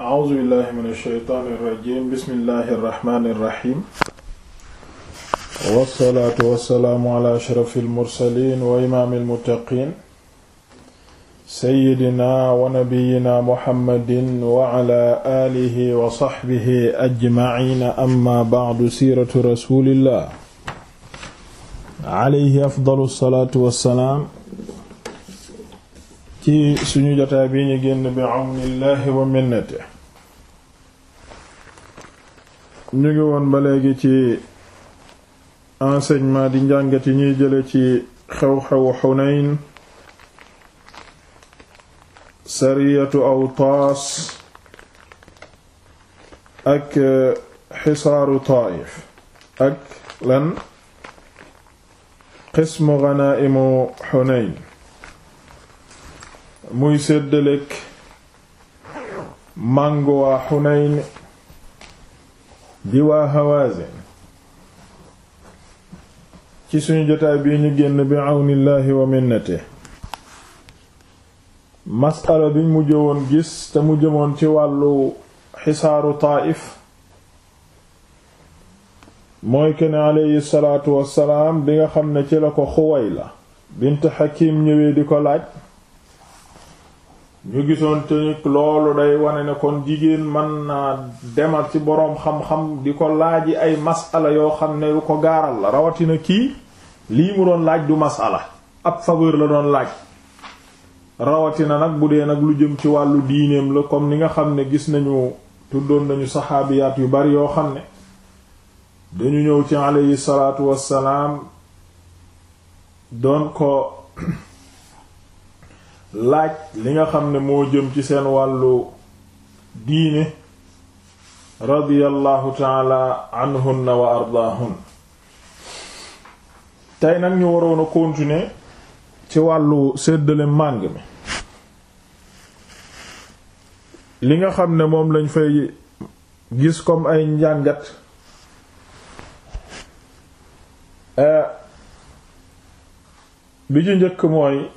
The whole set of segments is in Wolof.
a'uuzu billahi min ash-shaytaani irrajim bismillahi irrahmani irrahim wassalaatu wassalaamu ala ashrafil mursaliin wa imaamil muttaqiin sayyidina wa nabiyyina muhammadin wa ala aalihi wa sahbihi ajmaciina amma ba'du siiratu rasuulillah alayhi afdalu salaatu wassalaam ci suñu jotaay bi ñu génn bi awnillahi wa minnatihi ñu ngi woon ba léegi ci enseignement di njàngat yi ñuy jële ci xew-xewu Xunayn sariyatu Awtaas ak eh, xisaaru Taayif ak lan qismu ganaa'imu Xunayn muy séddaleek màngu waa Xunayn di waa Hawazin ci suñu jotaay bii ñu génn bi àwnillaahi wa minnate masala biñ mu jëwoon gis te mu jëmoon ci wàllu xisaaru Taa'if mooy kenn aleyhi salaatu wassalaam bi nga xam ne ci la ko Xuwayla bint Hakim ñëwee di ko laaj ñu gisoon tënik loolu day wane ne kon jigéen mën na demal ci boroom xam-xam di ko laaji ay masala yoo xam ne ko gaaral la rawatina kii lii mu doon laaj du masala ab faveur la doon laaj rawatina nag bu dee nag lu jëm ci wàllu diineem la comme ni nga xam ne gis nañu tuddoon nañu saxaabiyaat yu bari yoo xam ne dañu ñëw ci aleyhi salaatu wassalaam doon ko laaj li nga xam ne moo jëm ci seen wàllu diine radiyallahu taala anhunna wa ardaahun tey nag ñu waroon a continuer ci wàllu séddale màng mi li nga xam ne moom lañ fay gis comme ay njàngat eh, bi ci njëkk mooy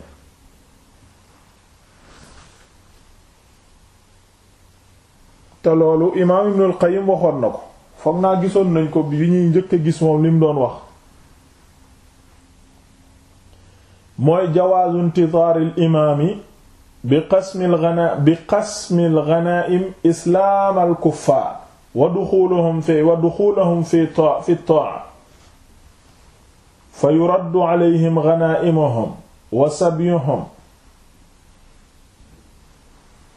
te loolu imaam Ibnul Qayyim waxoon na ko foog gisoon nañ ko bi ñuy njëkk a gis doon wax mooy jawaazu intidaaril imaami bi qasmil ghana bi qasmil ghanaa'im islaamal fi wa fi ta fi taa'a fa yuraddu alayhim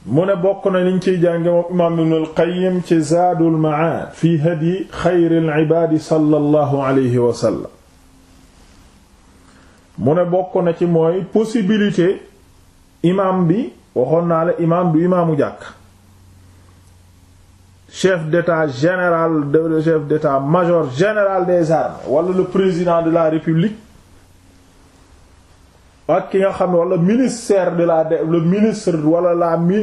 mu ne bokk na liñ ciy jànge moom imaam ibn al-Qayyim ci Zaadul Ma'aad fi hadyi xayril ibaadi sallallahu alayhi wa sallam mu bokk ci mooy possibilité imaam bi waxoon naa la imaam du imaamu jàkk chef d'état général de chef d'état major général des armées wala le président de la république ak ki nga xam ne wala ministère de la de le ministre wala la mi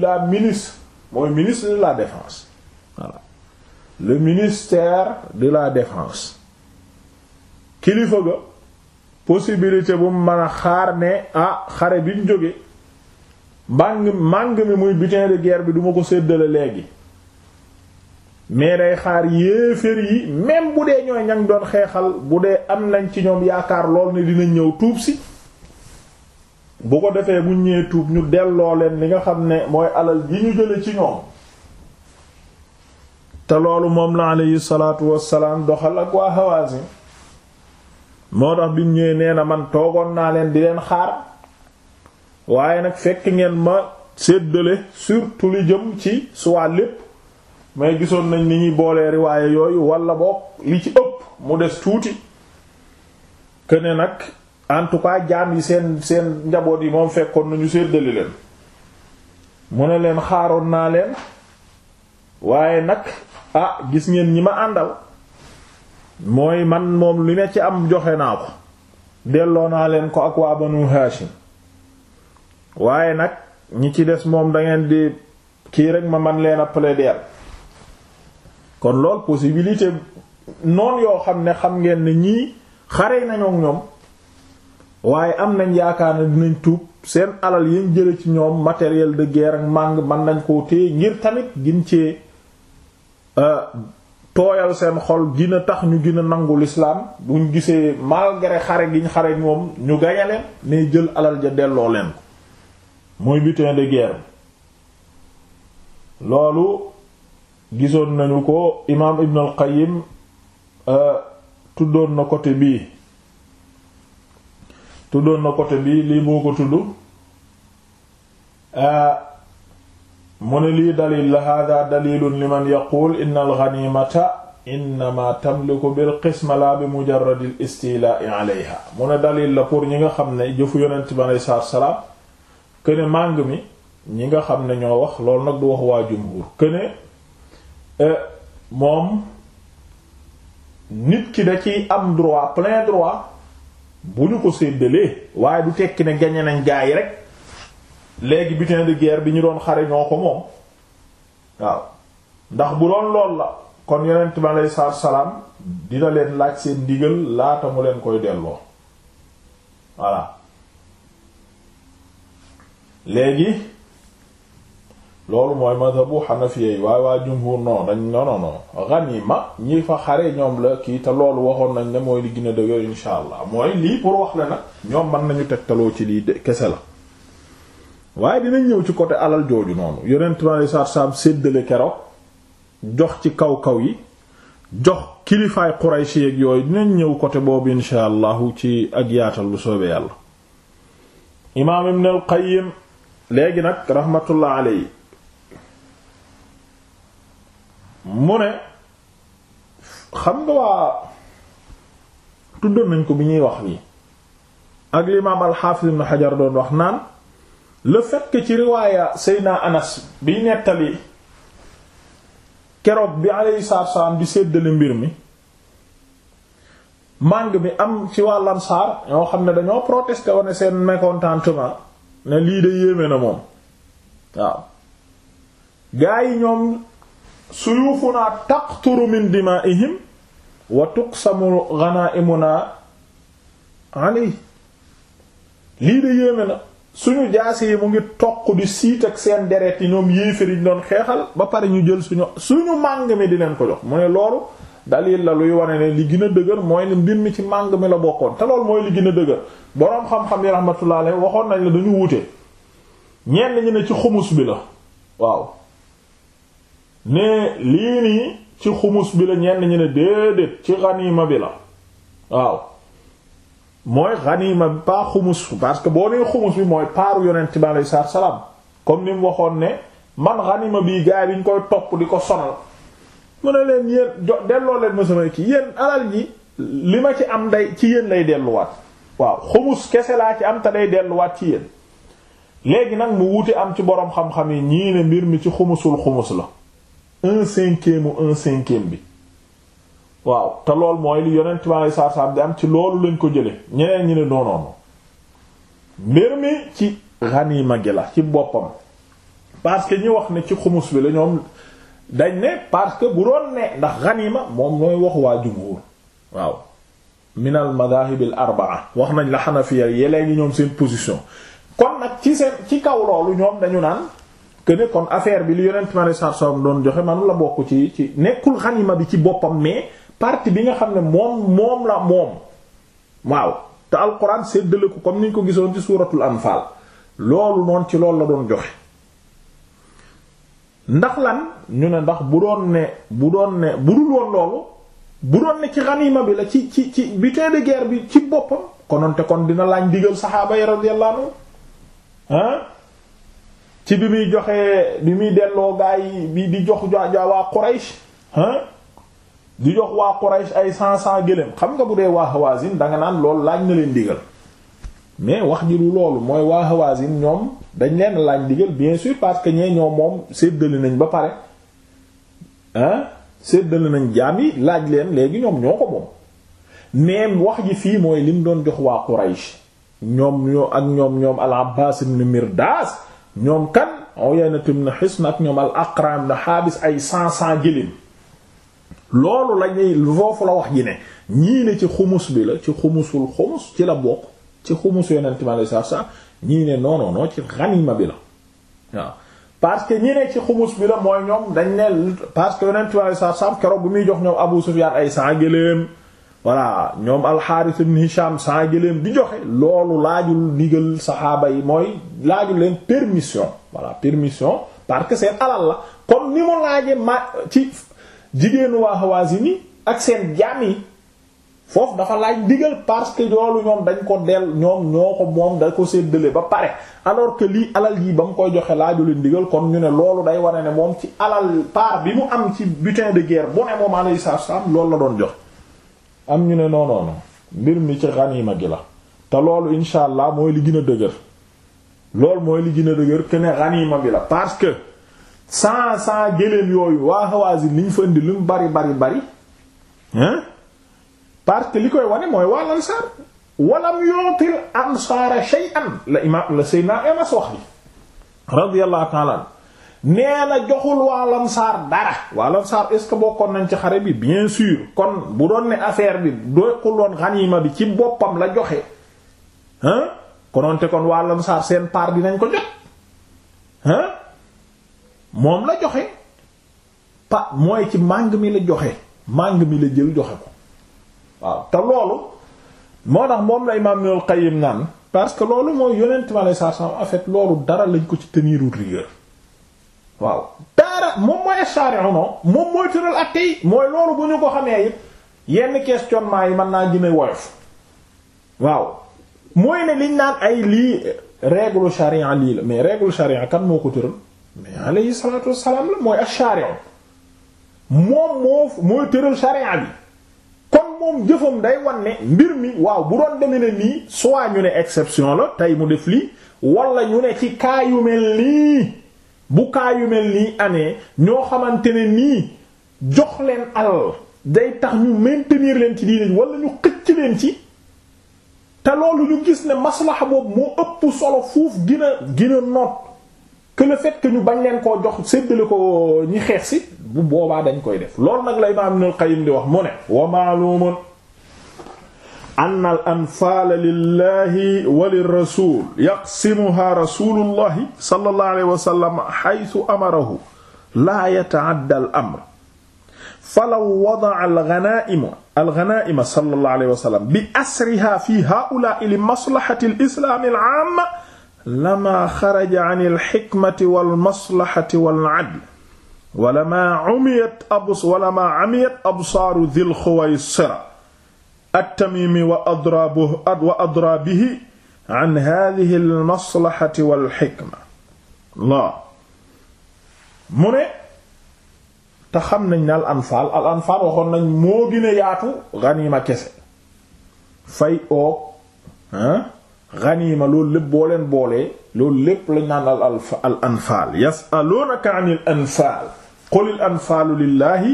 la ministre mooy ministre de la défense voilà le ministère de la défense kilifa ga posibilité bu mën a xaar ne ah xare bi ñu jóge màng màng mi muy butin de guerre bi duma ko séddale léegi mais day xaar yéeféer yi même bu dee ñooy ñang doon xeexal bu dee am nañ ci ñoom yaakaar lool ne dina ñëw tuub si bu ko defee bu ñëwee tuub ñu delloo leen li nga xam ne mooy alal yi ñu jële ci ñoom te loolu moom la aleyhi salaatu wassalaam doxal ak waa Hawazin moo tax bi ñëwee nee na man toogoon naa leen di leen xaar waaye nag fekk ngeen ma séddale surtout li jëm ci soit lépp mais gisoon nañ li ñuy boolee riwaaye yooyu walla boog li ci ëpp mu des tuuti këne nag en tout cas jaam yi seen seen njaboot yi moom fekkoon nañu séddale leen mu ne leen xaaroon naa leen waaye nag ah gis ngeen ñi ma àndal mooy man moom li ne ci am joxe naa ko delloo naa leen ko ak waa banu Haashim waaye nag ñi ci des moom dangeen di kii rek ma man leen a plaider kon lool possibilité noon yoo xam ne xam ngeen ne ñii xare nañoo ñoom waaye am nañ yaakaar ne dinañ tuub seen alal yañ jële ci ñoom matériel de guerre ak màng mën nañ koo téye ngir tamit gin cee euh, tooyal seen xol a tax ñu gën a nangu l'islam buñ gisee malgré xare giñ xare moom ñu gañe leen ne jël alal ja delloo leen ko mooy butin de guerre loolu gisoon nañu ko imaam Ibn al-Qayyim euh, tuddoon na côté bii tuddoon na côté bii lii boo ko tudd ah, mu ne lii dalil la hada dalilun liman yaqul inna alganimata innama tamliku bil qisma la bi mujarradil istilaa'i alayha mu ne dalil la pour ñi nga xam ne jëfu yonent bi aleyhi salaatu salaam këne màng mi ñi nga xam ne ñoo wax loolu nag du wax waa jumhur këne eh, moom nit ki da ciy am droit plein droit bu ñu ko séddalee waaye du tekki ne gañe nañ gaa yi rek léegi butin de guerre bi ñu doon xare ñoo ko moom waaw ndax bu doon lool la kon yonent bi aleyhi salaatu salaam dina leen laaj seen ndigal laata mu leen koy delloo voilà léegi loolu mooy madhabu xanafiya yi waaye waa jumhur non dañ non non non ganima ñi fa xare ñoom la kii te loolu waxoon nañ ne mooy li gën mooy lii pour wax la nag ñoom mën nañu tegtaloo ci lii kese la waaye dinañ ñëw ci côté alal jooju noonu yonent male sar sam séddale kero jox ci kaw-kaw yi jox kilifaay Quraysh yeeg yooyu dinañ ñëw côté boobu insha allahu ci ak yaatal bu soobe yàlla imaam Ibn al-Qayyim léegi nag rahmatullah alayhi mu ne xam nga waa tuddoon nañ ko bi ñuy wax lii ak l'imam al-Hafiz ibn Hajar doon wax naan le fait que ci riwaaya Seyna Anas biy nettali keroog bi alayhi salaatu salaam di séddale mbir mi màng bi am ci waa Ansaar ñoo xam ne dañoo protester wane seen mécontentement ne lii de yéeme na moom waaw gaa yi ñoom suyuufunaa taqturu min dimaa'ihim wa tuqsamu ghanaa'imuna alay lii de yéeme na suñu jaase yi mu ngi toq di siit ak seen deret yi ñoom yéefar yi doon xeexal ba pare ñu jël suñu suñu màng di leen ko jox mu ne loolu dalil la luy wane ne li gën dëgër mooy ne mbir mi ci màng mi la bokkoon te lool mooy li gën a dëgër boroom xam-xam yi rahmatullah alayhi waxoon nañ la dañu wute ñenn ñi ne ci xumus bi la waaw ne lii nii ci xumus bi la ñenn ñu ne déedéet ci xaniima bi la waaw mooy xaniima bi pas xumus parce que boo nee xumus bi mooy paaru yonent bi aleyhi salaatu salaam comme ni mu waxoon ne man xaniima bii gaay bi ñu koy topp di ko sonal mu ne leen yéen jo delloo leen ma sama kii yéen alal ji li ma ci am day ci yéen lay delluwaat waaw xumus kese laa ci am te day delluwaat ci yéen léegi nag mu wuute am ci boroom xam-xam yi ñii ne mbir mi ci xumusul xumus la. un cinquième ou un cinquième bi waaw te lool mooy li yonent ma lay saar-saab di am ci loolu lañ ko jële ñeneen ñi ne doonoonu mbir mi ci ganima gi la ci boppam parce que ñi wax ne ci xumus bi la ñoom dañ ne parce que bu doon ne ndax ganima moom mooy wax waa jumhur waaw minal madhahibil arbaa wax nañ la xanafiya yelee ngi ñoom seen position kon nag ci seen ci kaw loolu ñoom dañu naan que kon affaire bi li yonent ma ne sarsom doon joxe manu la bokk ci ci nekkul xanima bi ci boppam mais partie bi nga xam ne moom moom la moom waaw te alquran séddale ko comme ni ñu ko gisoon ci suuratul anfaal loolu noonu ci loolu la doon joxe ndax lan ñu ne ndax bu doon ne bu doon ne bu dul woon loolu bu doon ne ci xanima bi la ci ci ci butin de guerre bi ci boppam konoon te kon dina laaj digal saxaaba yi radiyallahu anhu ci bi muy joxee bi muy delloo gaa yi bi di jox ja waa Quraysh hein di jox waa Quraysh ay cent cent gëléem xam nga bu dee waa Hawazin danga naan loolu laaj na leen digal mais wax ji lu loolu mooy waa Hawazin ñoom dañ leen laaj digal bien sûr parce que ñee ñoom moom séddale nañ ba pare hein séddale nañ jaam yi laaj leen léegi ñoom ñoo ko moom mais wax ji fii mooy lim doon jox waa Quraysh ñoom ñoo ak ñoom ñoom al Abbas ibn Mirdas ñoom kan Uyayna ibn Hisn ak ñoom al Aqra ibn Habis ay cent cent gëléem loolu lañuy foofu la wax ji ne ñii ne ci xumus bi la ci xumusul xumus ci la bokk ci xumus yonent mi alayhi salaatu salaam ñii ne non ci xaniima bi la waaw parce que ñi ne ci xumus bi la mooy ñoom dañ ne parce que yonent mi alayhi salaatu keroog bu muy jox ñoom Abu Sufyaan ay cent gëléem voilà ñoom alxaaris ibn Hisham saa jëleem di joxe loolu laajul ndigal saxaaba yi mooy laajul leen permission voilà permission parce que seen alal la comme ni mu laaje ma ci jigéenu waa yi yi ak seen jaam yi foofu dafa laaj ndigal parce que loolu ñoom dañ ko del ñoom ñoo ko moom dañ ko séddale ba pare alors que lii alal yi ba mu koy joxe laaju leen ndigal kon ñu ne loolu day wane ne moom ci alal part bi mu am ci butin de guerre boo ne moom alayhi salaam loolu la doon joxe am ñu ne non mbir mi ci xaniima gi la te loolu incha allah mooy li gën a dëgër loolu mooy li gën a dëgër te ne xaniima bi la parce que sans sans géléem yooyu waa Hawazin li ñu fa indi lu mu bari bari bari hein parce que li koy wane mooy waa Ansaar walam yu'til ansaara shay'an la imaam la Seydina Anas wax bi radiyallahu ta'ala nee la joxul waa Lamsaar dara waa Lamsaar est ce que bokkoon nañ ci xare bi bien sûr kon bu doon ne affaire bi doyqul woon xaniima bi ci boppam la joxe hein kononte kon waa Lamsaar seen part dinañ ko jot hein moom la joxe pa mooy ci màng mi la joxe màng mi la jël joxe ko waaw te loolu moo tax moom la imaam Ibnul Qayyim naan parce que loolu mooy yonent ma lay saar en fait loolu dara lañ ko ci tenirul rigueur waaw daara moom mooy shari'u non moom mooy tëral atte yi mooy loolu bu ñu ko xamee it yenn questionnement yi mën naa gën woyof waaw mooy ne liñ naan ay lii règle sharia lii la mais règle sharia kan moo ko tëral mais alayhi salatu wassalam la mooy ash-shari'u moom moo mooy tëral sharia bi kon moom jëfam day wan ne mbir mi waaw bu doon deme ne nii soit ñu ne exception la tey mu def lii wala ñu ne ci cas mel nii bu kaa yu mel nii amee ñoo xamante ne nii jox leen alal day tax ñu maintenir leen ci diine wala ñu xëcc leen ci te loolu ñu gis ne maslaha boobu moo ëpp solo fuuf gina gina noot que le ñu bañ leen koo jox séddale ko ñi xeex si bu boobaa dañ koy def lool nag la imaam Ibnul Qayyim di wax mu ne wa ma'lumun anna al anfaala lillahi wa lirrasul yaqsimuha rasulullahi sallallahu alayhi wa sallam haythu amarahu laa yata'adda al amr falaw wada'a al ghanaa'ima al ghanaa'ima sallallahu alayhi wa sallam bi asriha fi haa'ulaa'i li maslahati al islaam al 'aamma lamaa xaraja 'an al hikmati wal maslahati wal 'adl wa lamaa 'umiyat abs wa lamaa 'umiyat absaaru dhil khuwaysira at-Tamimi wa adraabuhu wa adraabihi an haadihi al-maslahati mu ne te xam nañ ne al anfaal al anfaal waxoon nañ moo gën yaatu ganiima kese fay oog ah ganiima loolu lépp boo leen boolee loolu lépp lañ naan al al anfaal yas'aluunaka anil anfaal qulil anfaalu lillaahi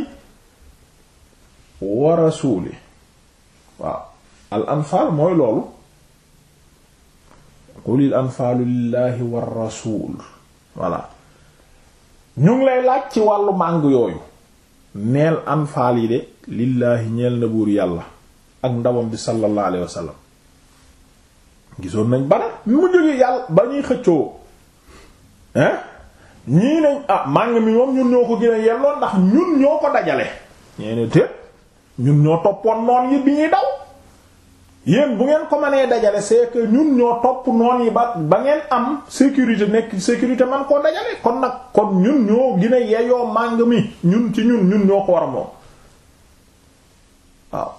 wa rasuulihi waaw al anfaal mooy loolu qulil anfaalu lillahi war rasul voilà lay laaj ci wàllu màng yooyu neel anfaal yi de lillaahi ñeel na buur yàlla ak ndawam bi sallallahu alayhi wasallam gisoon nañ bara mu jógee yàlla ba ñuy xëccoo hein ñii nañ ah màng mi moom ñun ñoo ko gën a ndax ñun ñoo ko dajale ñeene te ñun ñoo toppoon noon yi bi ñuy daw yéen bu ngeen ko manee dajale c'est que ñun ñoo topp noon yi ba ba ngeen am sécurité nekk sécurité man koo dajale kon nag kon ñun ñoo gën a màng mi ñun ci ñun ñun ñoo ko war a moom waaw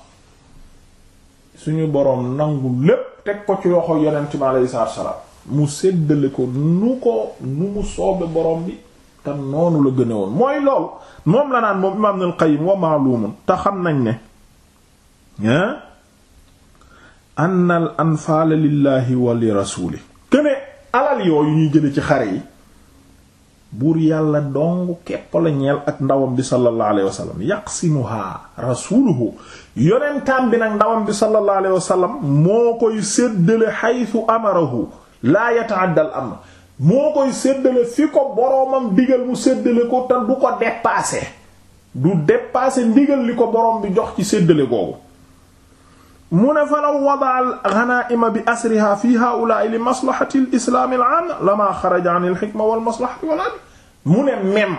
suñu boroom nangu lépp teg ko ci loxo yeneen ci alayhi salaatu salaam mu séddale ko nu ko nu mu soobe boroom bi te noonu la gëne woon mooy lool moom la naan moom imaam Ibnul Qayyim wa maalumun te xam nañ ne anna al anfaala lillaahi wa li rasuuli këne alal yooyu ñuy jële ci xare yi buur yàlla dong képp ñeel ak ndawam bi sallallahu alayhi wa rasuuluhu yonentaan bi nag ndawam bi sallallahu alayhi moo koy séddale xaytu amarahu laa yata'adda al amr moo koy séddale fi ko boroomam digal mu séddale ko te du ko dépasser du dépasser ndigal li ko boroom bi jox ci séddale googu mu ne fa law wadaa al ghanaa'ima bi asriha fi haa'ulaa'i li maslahati al islaam lamaa xaraja 'an al wal maslahati wal mu ne même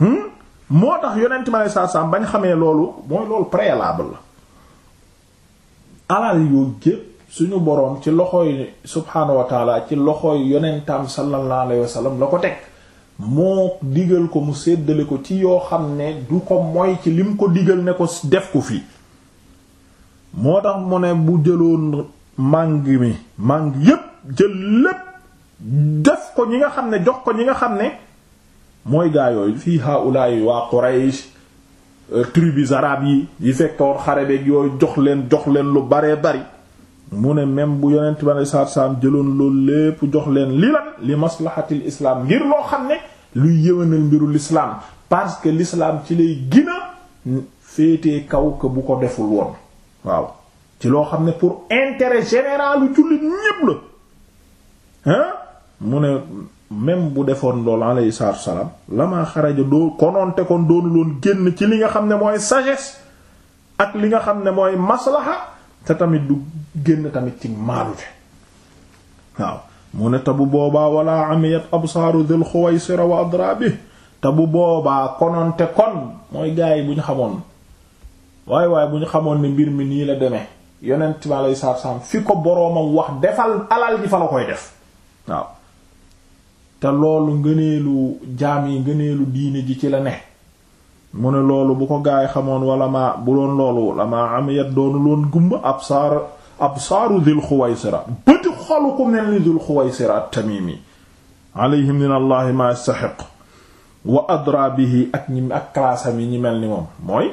hmm? moo tax yonent ma lay saa saam bañ xamee loolu mooy loolu préalable la alal yoo jëpp suñu boroom ci loxooy subhaanahu wa ci loxooy yonentam sallallahu alayhi la ko teg moo digal ko mu séddale ko ci yoo xam ne du ko moy ci lim ko digal ne ko def ko fii moo tax mu ne bu jëloon màng mi màng yépp jël lépp def ko ñi nga xam ne jox ko ñi nga xam ne mooy gaa yooyu fii haulaay waa Quraysh euh, tribus arabes yi yi fekkoon xare beeg yooyu jox leen jox leen lu baree bari mu ne même bu yonent bi alei saatu salaam jëloon loolu lépp jox leen li lan li maslahatil islam ngir loo xam ne luy yëwanal mbiru l'islam parce que lislaam ci lay gina féetee kaw que bu ko deful woon waaw ci loo xam ne pour intérêt général u jullit ñépp la hein mu ne même bu defoon loolu la salaatu salaam lamaa xaraja doo konoonte kon doonu loon génn ci li nga xam ne mooy sagesse ak li nga xam ne mooy maslaha te tamit du génn tamit ci maalute waaw mu ne tabu boobaa wala amiyat absaaru dhil xuwaysira wa adrabi tabu boobaa konoonte kon mooy gaay bu ñu xamoon waaye waaye bu ñu xamoon ni mbir mi nii la demee yonent bi alayhi salaatu salaam fi ko boroomam wax defal alal ji fa la koy def waaw te loolu ngëneelu jaam yi ngëneelu diine ji ci la ne mu ne loolu bu ko gaay xamoon walla ma bu doon loolu la ma am yet doonu loon gumba ab saar ab saaru xuwaysira bëti xolu ku mel ni dil xuwaysira at-tamimi alayhi min allahi ma yastaxiq wa adra ak ñi ak classam yi ñi mel ni moom mooy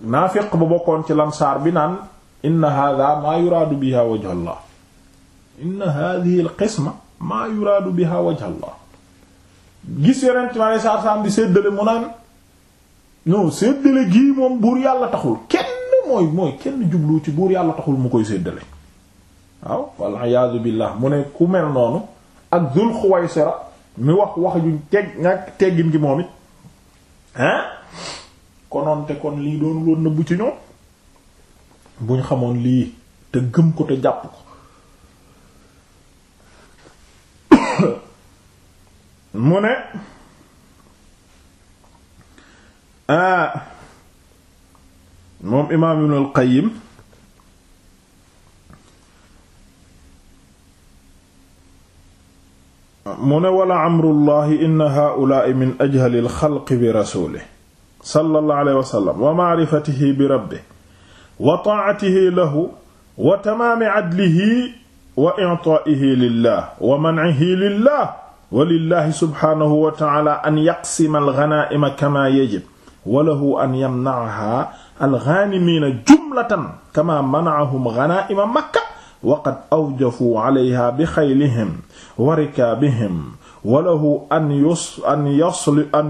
naafiq ba bokkoon ci lamsaar bi naan inna hadha maa yuraadu biha wajha allah inna hadhihi maa yuraadu biha wajha allah gis yonent mi alei satu salaam di séddale mu naan non séddale gii moom buur yàlla taxul kenn mooy mooy kenn jublu ci buur yàlla taxul mu koy séddale waaw waliyasu billah mu ne ku mel noonu ak Zul Xuwaysira mi wax wax ju nga teggin gi moom it hein kononte kon lii doon woon na ci ñoom buñ xamoon lii te gëm ko te jàpp ko mu ne ah moom imaam Ibn al mu ne wala amrullahi inna haa'ulaa'i min ajhalil xalqi bi rasuulihi sallallahu alayhi wa sallam wa ma'rifatihi bi rabbihi wa ta'atihi lahu wa tamaami adlihi wa i'taa'ihi lillah wa man'ihi lillah wa lillahi subhaanahu wa ta'ala an yaqsima al-ghanaa'ima kama yajib wa lahu an yamna'aha al-ghaanimiina jumlatan kama mana'ahum ghanaa'ima Makka wa qad awjafuu 'alayha bi khaylihim wa rikaabihim wa lahu an yus an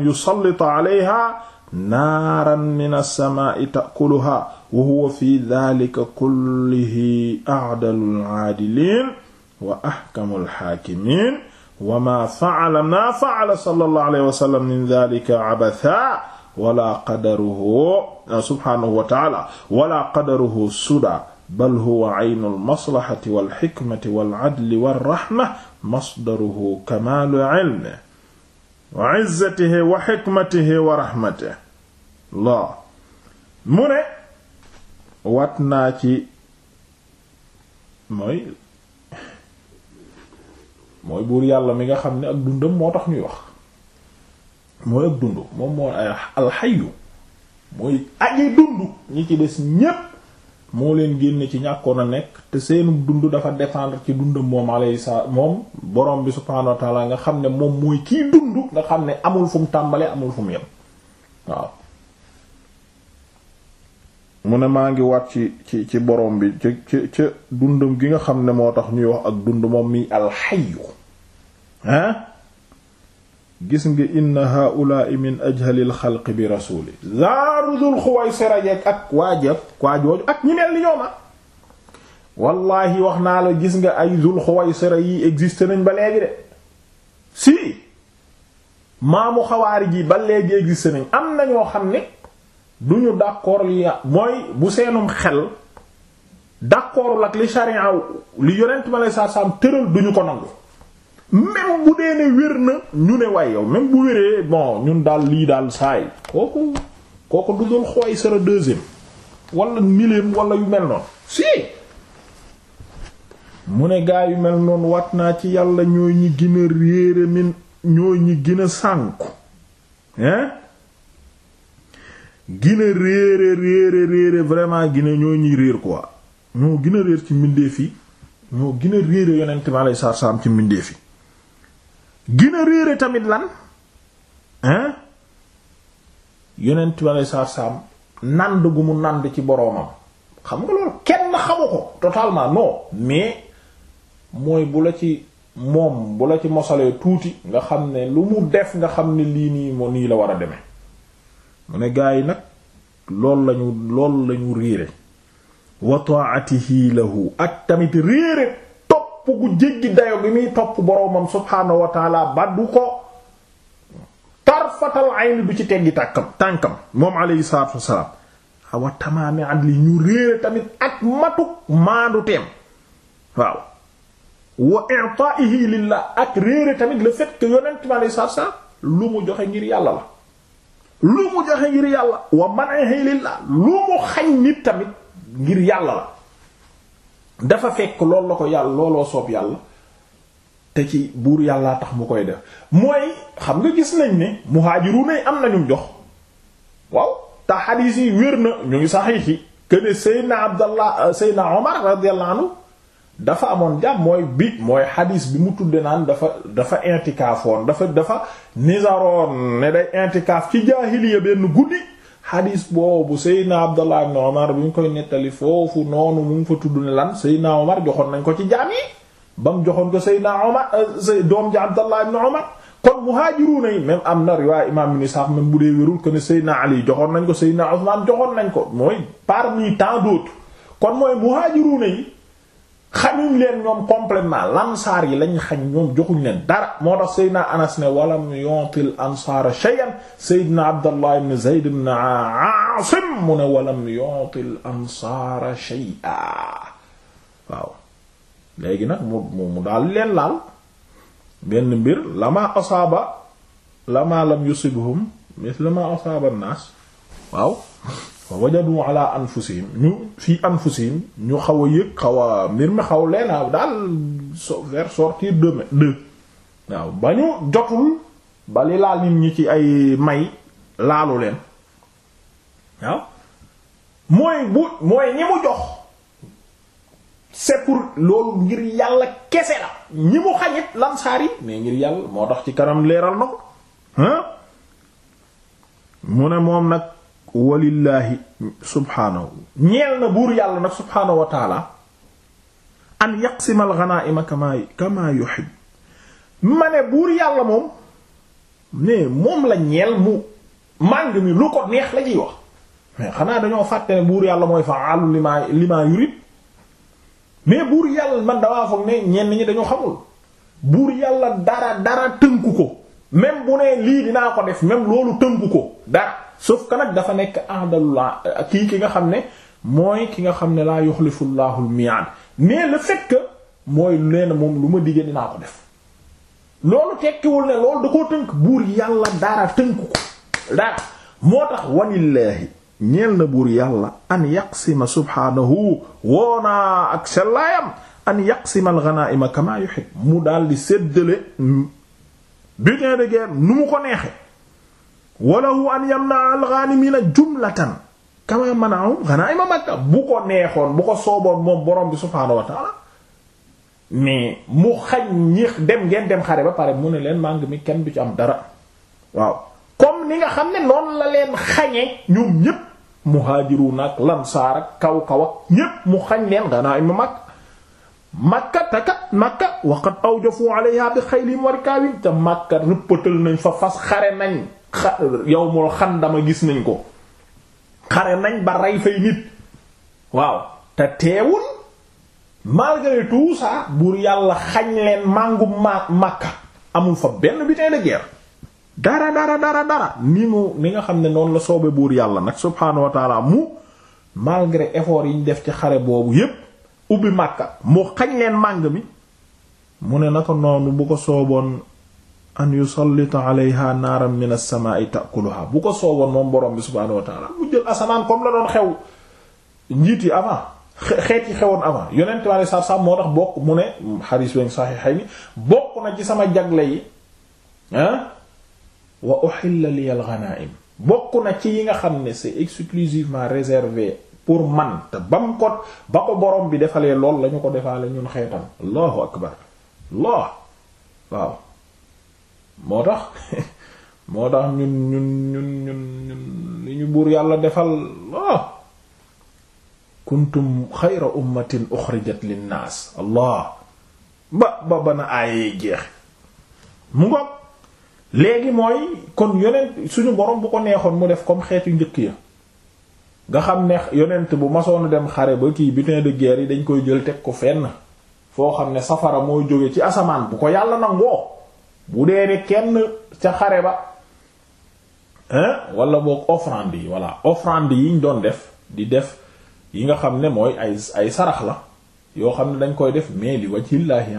yusallita 'alayha naaran min as-samaa'i ta'kuluhaa wa huwa fi dhaalika kullihi a'dalul 'aadiliin wa ahkamul haakimiin wa maa fa'ala maa fa'ala sallallahu alayhi wa sallam min dhaalika 'abathan wala qadaruhu ah, subhaanahu wa ta'aala wala qadaruhu sudaa bal huwa 'aynul maslahati wal hikmati wal 'adli war rahma masdaruhu kamaalu 'ilmihi wa izzatihi wa xikmatihi wa raxmatihi laa mu ne wat naa ci mooy mooy buur yàlla mi nga xam ne ak dundam moo tax ñuy wax mooy ak dund moom moo ay alxayu mooy aji dund ñi ci des ñépp moo leen génne ci ñàkkoon a nekk te seenum dund dafa dépendre ci dundam moom alayhi moom borom bi subhaanahu wa nga xam ne moom mooy kiy dund nga xam ne amul fu mu tàmbalee amul fu mu yem waaw mu ne maa ngi wàt ci ci ci borom bi ci ci ci dundam gi nga xam ne moo tax ñuy wax ak dund moom mi alxayu ah gis nga inna haulai min ajhalil xalqi bi rasuli zaaru dul xuway serajeeg ak waajeeg waajooju ak ñi mel ni ñooma ah. wallahi wax naa la gis nga ay dul xuway sera yi existe nañ ba léegi de si maamu xawaari ji ba léegi existe nañ am na ñoo xam ne duñu d'accord li mooy bu seenum xel d'accordul ak li sharia li yonent ma lay sa sam tëral duñu ko nangu même bu dee ne wér na ñu ne waay yow même bu wéree bon ñun daal lii daal saay kooku kooku du xooy sara deuxième wala millième walla yu mel noonu si mu ne gaa yu mel noonu wat naa ci yàlla ñooy ñi gën a réere min ñi gën a sànku hein gën a réere réere réere vraiment gën a ñoo ñuy réer quoi ñoo gën a réer ci mbindeef yi ñoo gën a réere yonent mi alayhi salaam ci mbindeef yi gën a réere tamit lan hein yonent wala saar saam nànd gu mu nànd ci boroomam xam nga loolu kenn xamu ko totalement non mais mooy bu la ci moom bu la ci mosalee tuuti nga xam ne lu mu def nga xam ne lii nii moo nii la war a deme mu ne gaa yi nag loolu lañu loolu lañu réere wa ta'atihi lahu ak tamit réere gu jéggi dayo gi muy topp boroomam subhaanahu wa ba du ko tarfatal ayni du ci teggi tàkkam tànkam moom alayhi salaatu wassalaam awa tamaami adli ñu réere tamit ak matuk maandu teem waaw wa i'ta'ihi lillah ak réere tamit le fait que yonent bi lu mu joxe ngir yàlla la lu mu joxe ngir yàlla wa man'ihi lillah lu mu xañ nit tamit ngir yàlla la dafa fekk loolu la ko yàlla looloo soob yàlla te ci buur yàlla yàllaa tax mu koy def mooy xam nga gis nañ ni ne muhaajiruun am na ñu jox waaw te xadiis yi wér na ñu ngi saxiix yi ne Seydina Abdallah euh, Seydina Omar radiyallahu anhu dafa amoon jàpp mooy bi mooy xadiis bi mu tuddee naan dafa dafa intikaafoon dafa dafa nizaroon ne day intikaaf ci jaahiliya benn guddi xadiis boobu Seydina Abdallah ibn Omar bi ñu koy nettali foofu noonu mu ngi fa tudd ne lan naa Omar joxoon nañ ko ci jaam yi ba mu joxoon ko Seydina Omar euh, doom ji Abdallah ibn Omar kon muhaajiruuna yi même am na riwaay imaam Ibn Isaaq même bu dee wérul que ne Seydina Ali joxoon nañ ko naa Usmaan joxoon nañ ko mooy parmi tant d'autres kon mooy muhaajiruuna yi xañuñ leen ñoom complètement lansaar yi lañ xañ ñoom joxuñ leen dara moo tax Seydina Anas ne walam yu'til ansaara shay'an Seydina Abdallah ibn Zayd ibn Aasim mu ne walam yu'til ansaara shay'an waaw nag mu mu daal leen laal benn mbir lama asaaba lama lam yusibhum mithla ma asaaba an fa wajadu ala anfusihim ñu fii anfusihim ñu xaw a yëg xaw a mbir mi xaw leena daal so vers sortir de de waaw ba ñu jotul bali laal nit ñi ci ay may laalu leen waaw mooy bu mooy ñi mu jox c'est pour loolu ngir yàlla kese la ñi mu xañit lansaar yi mais ngir yàlla moo tax ci kanam leeral na ko mu ne moom nag walillaahi subhaanahu ñeel na buur yàlla nag subhaanahu wa taala an yaqsima alxanaa'ima kama kama yuhib ma ne buur yàlla moom ne moom la ñeel mu màng mi lu ko neex la ciy wax mais xanaa dañoo fàtte ne buur yàlla mooy fa'aalu lima lima yurid mais buur yàlla man damaa foog ne ñenn ñi dañoo xamul buur yàlla dara dara tënku ko même bu nee lii dinaa ko def même loolu tënk ko dara sauf que nag dafa nekk ahdalula kii ki nga xam ne mooy ki nga xam ne laa yuxlifu llahu al mi'ad fekk le fait mooy nee na moom lu ma diggee dinaa ko def loolu tekkiwul ne lool da koo tënk buur yàlla dara tënku ko dara moo tax walillaahi ñeel na buur yàlla an yaqsima subhaanahu woonaa ak sellaayam an yaqsima al ghanaa'ima kama yuhib mu daal di séddale butin de guerre nu mu ko neexe walahu an yamna al ghanimina jumlatan kama ma ghanaima Makka bu ko neexoon bu ko sooboon moom boroom bi subhaanahu wa ta'ala mais mu xañ ñi dem ngeen dem xare ba pare mu ne leen màng mi kenn du ci am dara waaw comme ni nga xam ne noonu la leen xañee ñoom ñépp muhaajiruun ak lansaar ak kaw kaw ak ñépp mu xañ leen ghanaima Makka makka taka makka waqad awjafu alayha bi xaylin wa rikaabin te makka rëppatal nañ fa fas xare nañ xa yawmul xandama gis nañ ko xare nañ ba rey fay nit waaw te teewul malgré tout buur yàlla xañ leen màngu ma makka amul fa benn butin de guerre dara dara dara dara ni mu ni nga xam ne noonu la soobe buur yàlla nag subhaanahu wa mu malgré effort yi ñu def ci xare boobu yépp ubbi Makka mu xañ leen màng mi mu ne naka noonu bu ko sooboon an yusallita alayha naaran min as-samaa'i ta'kuluha bu ko sooboon moom borom bi subhaanahu wa mu jël asamaan comme la doon xew njiit yi avant xeet yi xewoon avant yonent bi alayhi salaam moo tax bokk mu ne xadiis wen saxiixayni bokk na ci sama jagle yi ah wa uhilla ghanaa'im bokk na ci yi nga xam ne c'est exclusivement réservé pour man te bam ko ba ko borom bi defalee lool lañu ko defaale ñun xeetam allahu akbar allah waaw moo tax moo tax ñun ñun ñun ñun ñun li ñu buur yàlla defal allah kuntum xayra ummatin uxrijat linnaas allah ba ba bana aayee jeex mu ngoog léegi mooy kon yonent suñu borom bu ko neexoon mu def comme xeetu njëkk ya nga xam ne yonent bu masoonu dem xare ba kii butin de guerre yi dañ koy jël teg ko fenn foo xam ne safara moo jóge ci asamaan bu ko yàlla nangoo bu dee ne kenn ca xare ba hein wala boog offrande yi voilà offrande yi ñu doon def di def yi nga xam ne mooy ay ay sarax la yoo xam ne dañ koy def mais li wajillaahi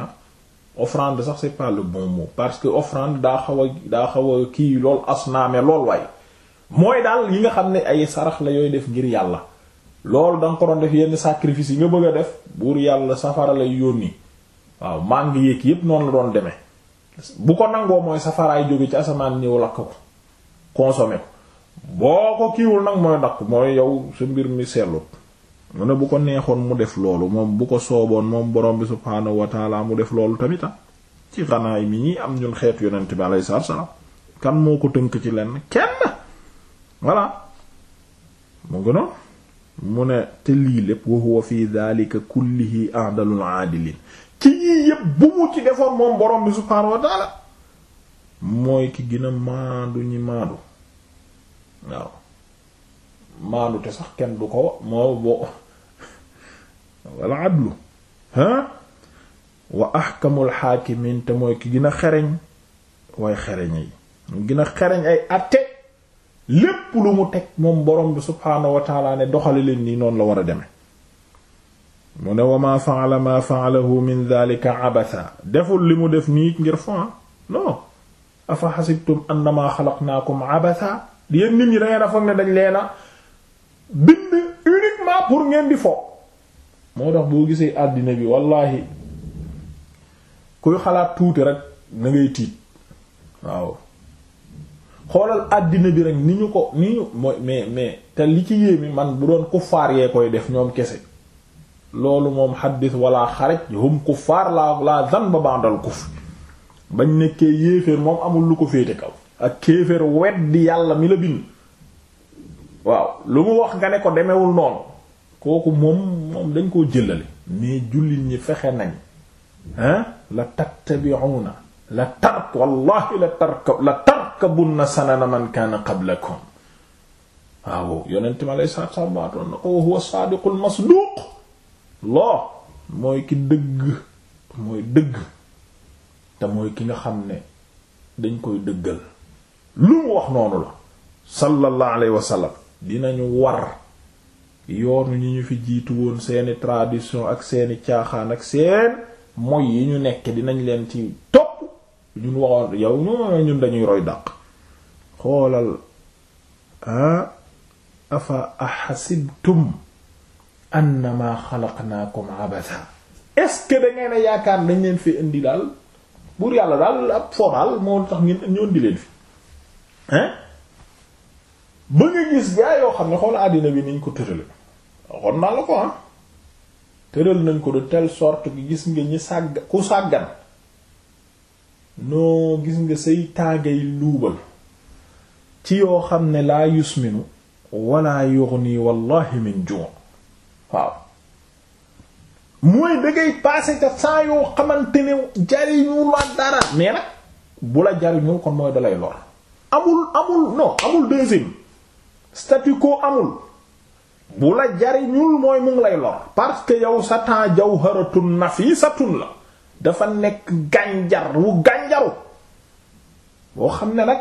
offrande sax c'est pas le bon mot parce que offrande daa xaw daa xaw a kii lool asnaame lool waaye mooy daal yi nga xam ne ay sarax la yooy def ngir yàlla loolu da ko doon def yenn sacrifice yi nga bëgg a def buur yàlla safara lay yónni waaw maa ngi yéeg yépp noonu la doon demee bu ko nangoo mooy safaraay jóge ci asamaan ñëw lakk ko consommé ko boo ko kiiwul nag mooy dakk mooy yow sa mbir mi sellut mu ne bu ko neexoon mu def loolu moom bu ko sooboon moom borom bi subhaanahu wa taala mu def loolu tamit ah. ci xanaay mi ñi am ñun xeet yonent bi alayhi kan moo tënk ci lenn voilà mu ngi noonu mu ne te lii lépp wa huwa fi dhalika kullihi a'dalul aadilin ci yii yépp bu mu ci defoon moom borom bi subhaanahu wa taala mooy ki gën maandu ñi maandu waaw maandu te sax kenn du ko moo bo wala adlu ah wa ahkamul xaakimin te mooy ki gën xereñ way xereñ yi gën a xereñ ay àtte lépp lu mu teg moom borom bi subhaanahu wa taala ne doxale leen nii noonu la war a demee mu ne wa ma faala ma faalahu min dhalika deful li mu def nii ngir fon ah? non afa xasibtum annama xalaqnaakum abasa yéen nit ñi dangeen a foog ne dañ leena bind uniquement pour ngeen di fo moo tax boo gisee àddina bi wallahi kuy xalaat tuuti rek na ngay tiit waaw xoolal àddina bi rek ni ñu ko ni ñu mooy mais mais te li ci yéemi man bu doon kuffaar yee koy def ñoom kese loolu moom xaddis wala xaraj hum kuffaar la la zanba ba'dal kufr bañ nekkee yéeféer moom amul lu ko féete kaw ak kéeféer weddi yàlla mi la bind waaw lu mu wax nga ne ko demewul noonu kooku moom moom dañ koo jëlale mais jullit ñi fexe nañ hein la na la tark wallahi la tark la tarkabunna sanana man kaana qablakum waaw yonent mi alayhi salaatu salaam na ko wa huwa saadiqul masduuq loo mooy ki dëgg mooy dëgg te mooy ki nga xam ne dañ koy dëggal lu mu wax noonu la sallallahu alayhi wa sallam dinañu war yoonu ñi ñu fi jiitu woon seeni tradition ak seeni caaxaan ak seen moy yi ñu nekk dinañ leen ci topp ñun waxoon yow ñoo ñun dañuy roy dàq xoolal ah afa ahasibtum annama xalaqnaakum abatha est-ce que da ngeen a yaakaar nañ leen fi indi daal buur yàlla daal ab foral moo tax ngeen ñoo indi leen fi hein ba nga gis gaa yoo xam ne xool àddina bi niñ ko tërale waxoon naa la ko ah tëral nañ ko de telle sorte gis nga ñi sàgg ku sàggan noo gis nga say taagay luubal ci yoo xam ne laa yusminu wala yughni wallahi min ju' waaw mooy dangay paase ca saa yoo xamante ne jariñu la dara mais nag bu la jariñul kon mooy dalay lor amul amul non amul deuxième statu quo amul bu la jariñul mooy mu ngi lay lor parce que yow sa temps jawharatun nafisatun la dafa nekk gànjar wu gànjaru boo xam ne nag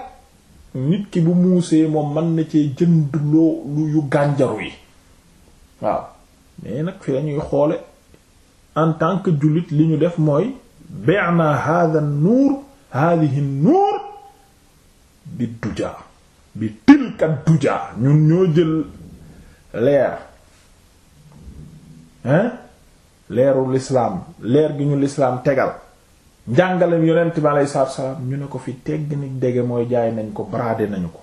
nit ki bu muusee moom mën na ci jënd loo yu gànjaru yi waaw mais nag fi lañuy xoole en tant que jullit li ñu def mooy beena hadha nuur hadhihi nuur bi duja bi tilka duja ñun ñoo jël leer hein leeru lislaam leer gi ñu lislaam tegal njàngalem yonent bi aleyhi salaatu salaam ñu ne ko fi technique dege mooy jaay nañ ko brader nañu ko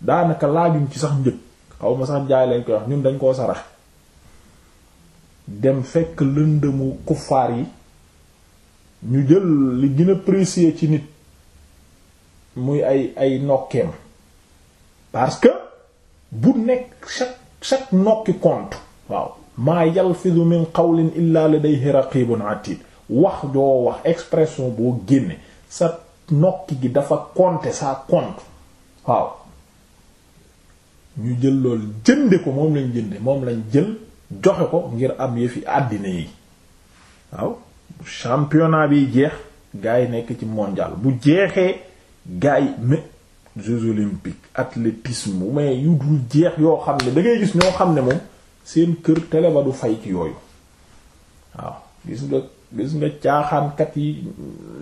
daanaka laajuñ ci sax njëg xaw ma sax jaay lañ koy wax ñun dañ koo sarax dem fekk lëndëmu kuffaar yi ñu jël li gën a ci nit muy ay ay nokkeem parce que bu nekk chaque chaque nokki compte waaw maa yalfidu min qawlin illa ladayhi raqibun atid wax joo wax expression boo génne sa nokki gi dafa compter ça compte waaw ñu jël loolu jënde ko moom lañ jënde moom lañ jël joxe ko ngir am yëfi àddina yi waaw championnat bi jeex gaa yi nekk ci mondial bu jeexee gaa yi mais jeux olympiques athlétisme mais yu dul jeex yoo xam ne dangay gis ñoo xam ne moom seen kër télé ba du fay ci yooyu waaw gis nga gis nga caaxaankat yi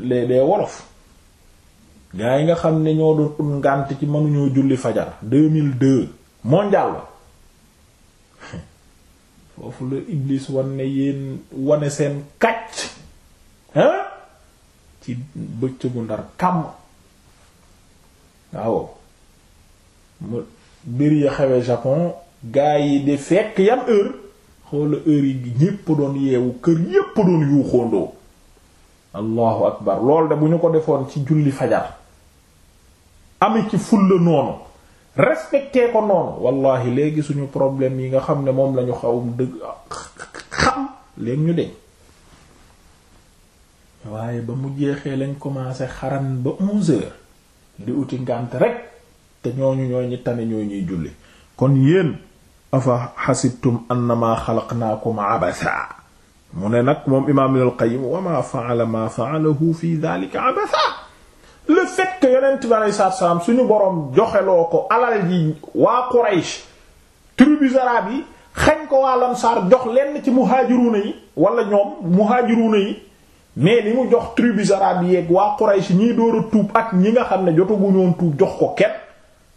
les les wolof gaa yi nga xam ne ñoo doon ut ngànt ci mënuñoo julli fajar 2002 mondial la foofu la Iblis wan ne wane seen kàcc hein ci bëccëgu ndar kàmm waaw mu mbir ya xewe Japon gaa yi di fekk yam heure xoola heure yi ñépp doon yeewu kër yépp doon yuuxoondoo allahu akbar lool de bu ñu ko defoon ci julli fajar ami ci fulla noonu respecté ko noonu wallahi léegi suñu problème yi nga xam ne moom lañu xawum dëgg xam leen ñu deñ waaye ba mu jeexee lañ commencé xaran ba onze heures di uti ngànt rek te ñooñu ñooy ñi tane ñooy ñuy julli kon yéen afa xasibtum annama xalaqnaakum abasa mu ne nag moom imaam Ibnul Qayyim wa ma fa'ala ma fa'alahu fi dhalika abasa le fait que bi alayhi salaatu salaam suñu boroom joxeloo ko alal yi waa Quraysh tribus arabes yi xañ ko waa Ansaar jox lenn ci muhaajiruuna yi wala ñoom muhaajiruuna yi mais li mu jox tribus arabes yi ak waa Quraysh ñiy door a tuub ak ñi nga xam ne jotaguñoon tuub jox ko kenn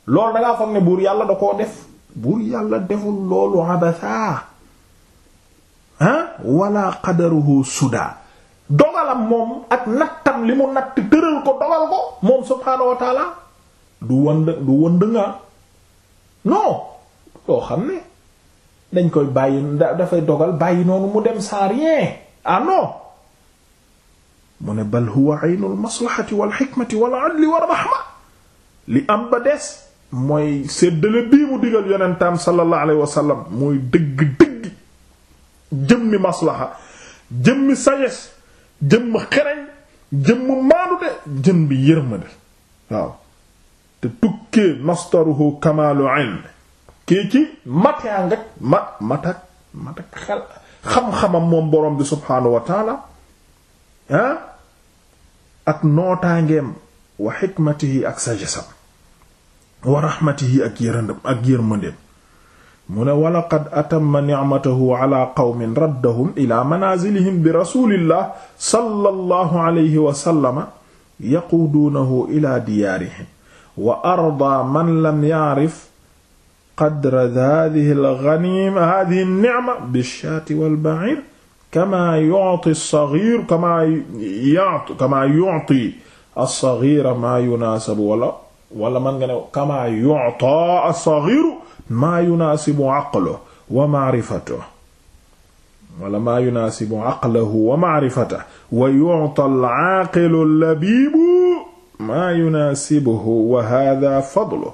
loolu da ngaa foog ne buur yàlla da koo def. buur yàlla deful loolu abasa ah wala qadaruhu suda dogalam moom ak nattam li mu natt tëral ko dogal ko moom subhaanahu wa du wënd nga non loo xam ne dañ koy bàyyi dafay dogal bàyyi noonu mu dem sans rien ah non mu ne bal huwa aynul maslahati wal hikmati wal adli war li am des mooy séddale bii mu digal yonentam sallallahu alayhi mooy dëgg-dëgg jëmmi maslaha jëmmi sagesse jëmm xereñ jëmm maanute jëm bi yërmande waaw te tukkee mastaruhu kamaalu ilm kii ci mataa ngak mat matak matak xel xam-xamam moom borom bi subhaanahu wa ah, ak nootaangeem wa xikmatihi ak sagesam wa rahmatihi ak yërëndëm ak yërmandéem mu ne walaqad atamma ni'matahu ala qawmin raddahum ila manazilihim bi rasulillah sallallahu alayhi wa sallama yaquuduunahu ila diyaarihim wa arda man lam ya'rif qadra hadhihi al-ghanima hadhihi an-ni'ma bish-shaati wal-ba'ir kama yu'ti as-saghir kama yu'ti kama yu'ti as-saghira ma yunasabu wala wala man nga ne kama yu'ta as-saghiru maa yunaasibu aqlahu wa ma'rifatahu wala maa yunaasibu aqlahu wa ma'rifatahu wa yu'ta al-aaqilu al-labibu maa yunaasibuhu wa haadha fadluhu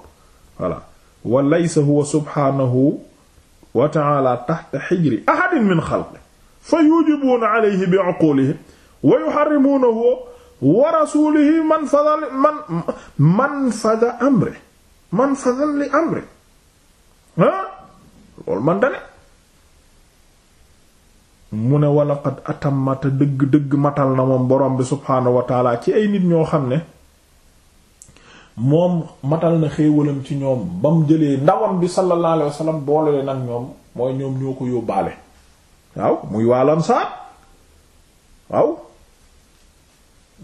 voilà wa laysa huwa subhaanahu wa ta'aala tahta hijri ahadin min khalqihi fa yujibuuna alayhi bi'uquulihim wa yuharrimuunahu a rasulihi man fadal man man man fadal li amri ah loolu man dane mu ne wala qad atammata dëgg-dëgg matal na moom borom bi subhaanahu ci ay nit ñoo xam ne moom matal na xéewalam ci ñoom ba mu jëlee ndawam bi sallallahu alayhi wa sallam ñoom mooy ñoom ñoo ko yóbbaale waaw muy waalam saat waaw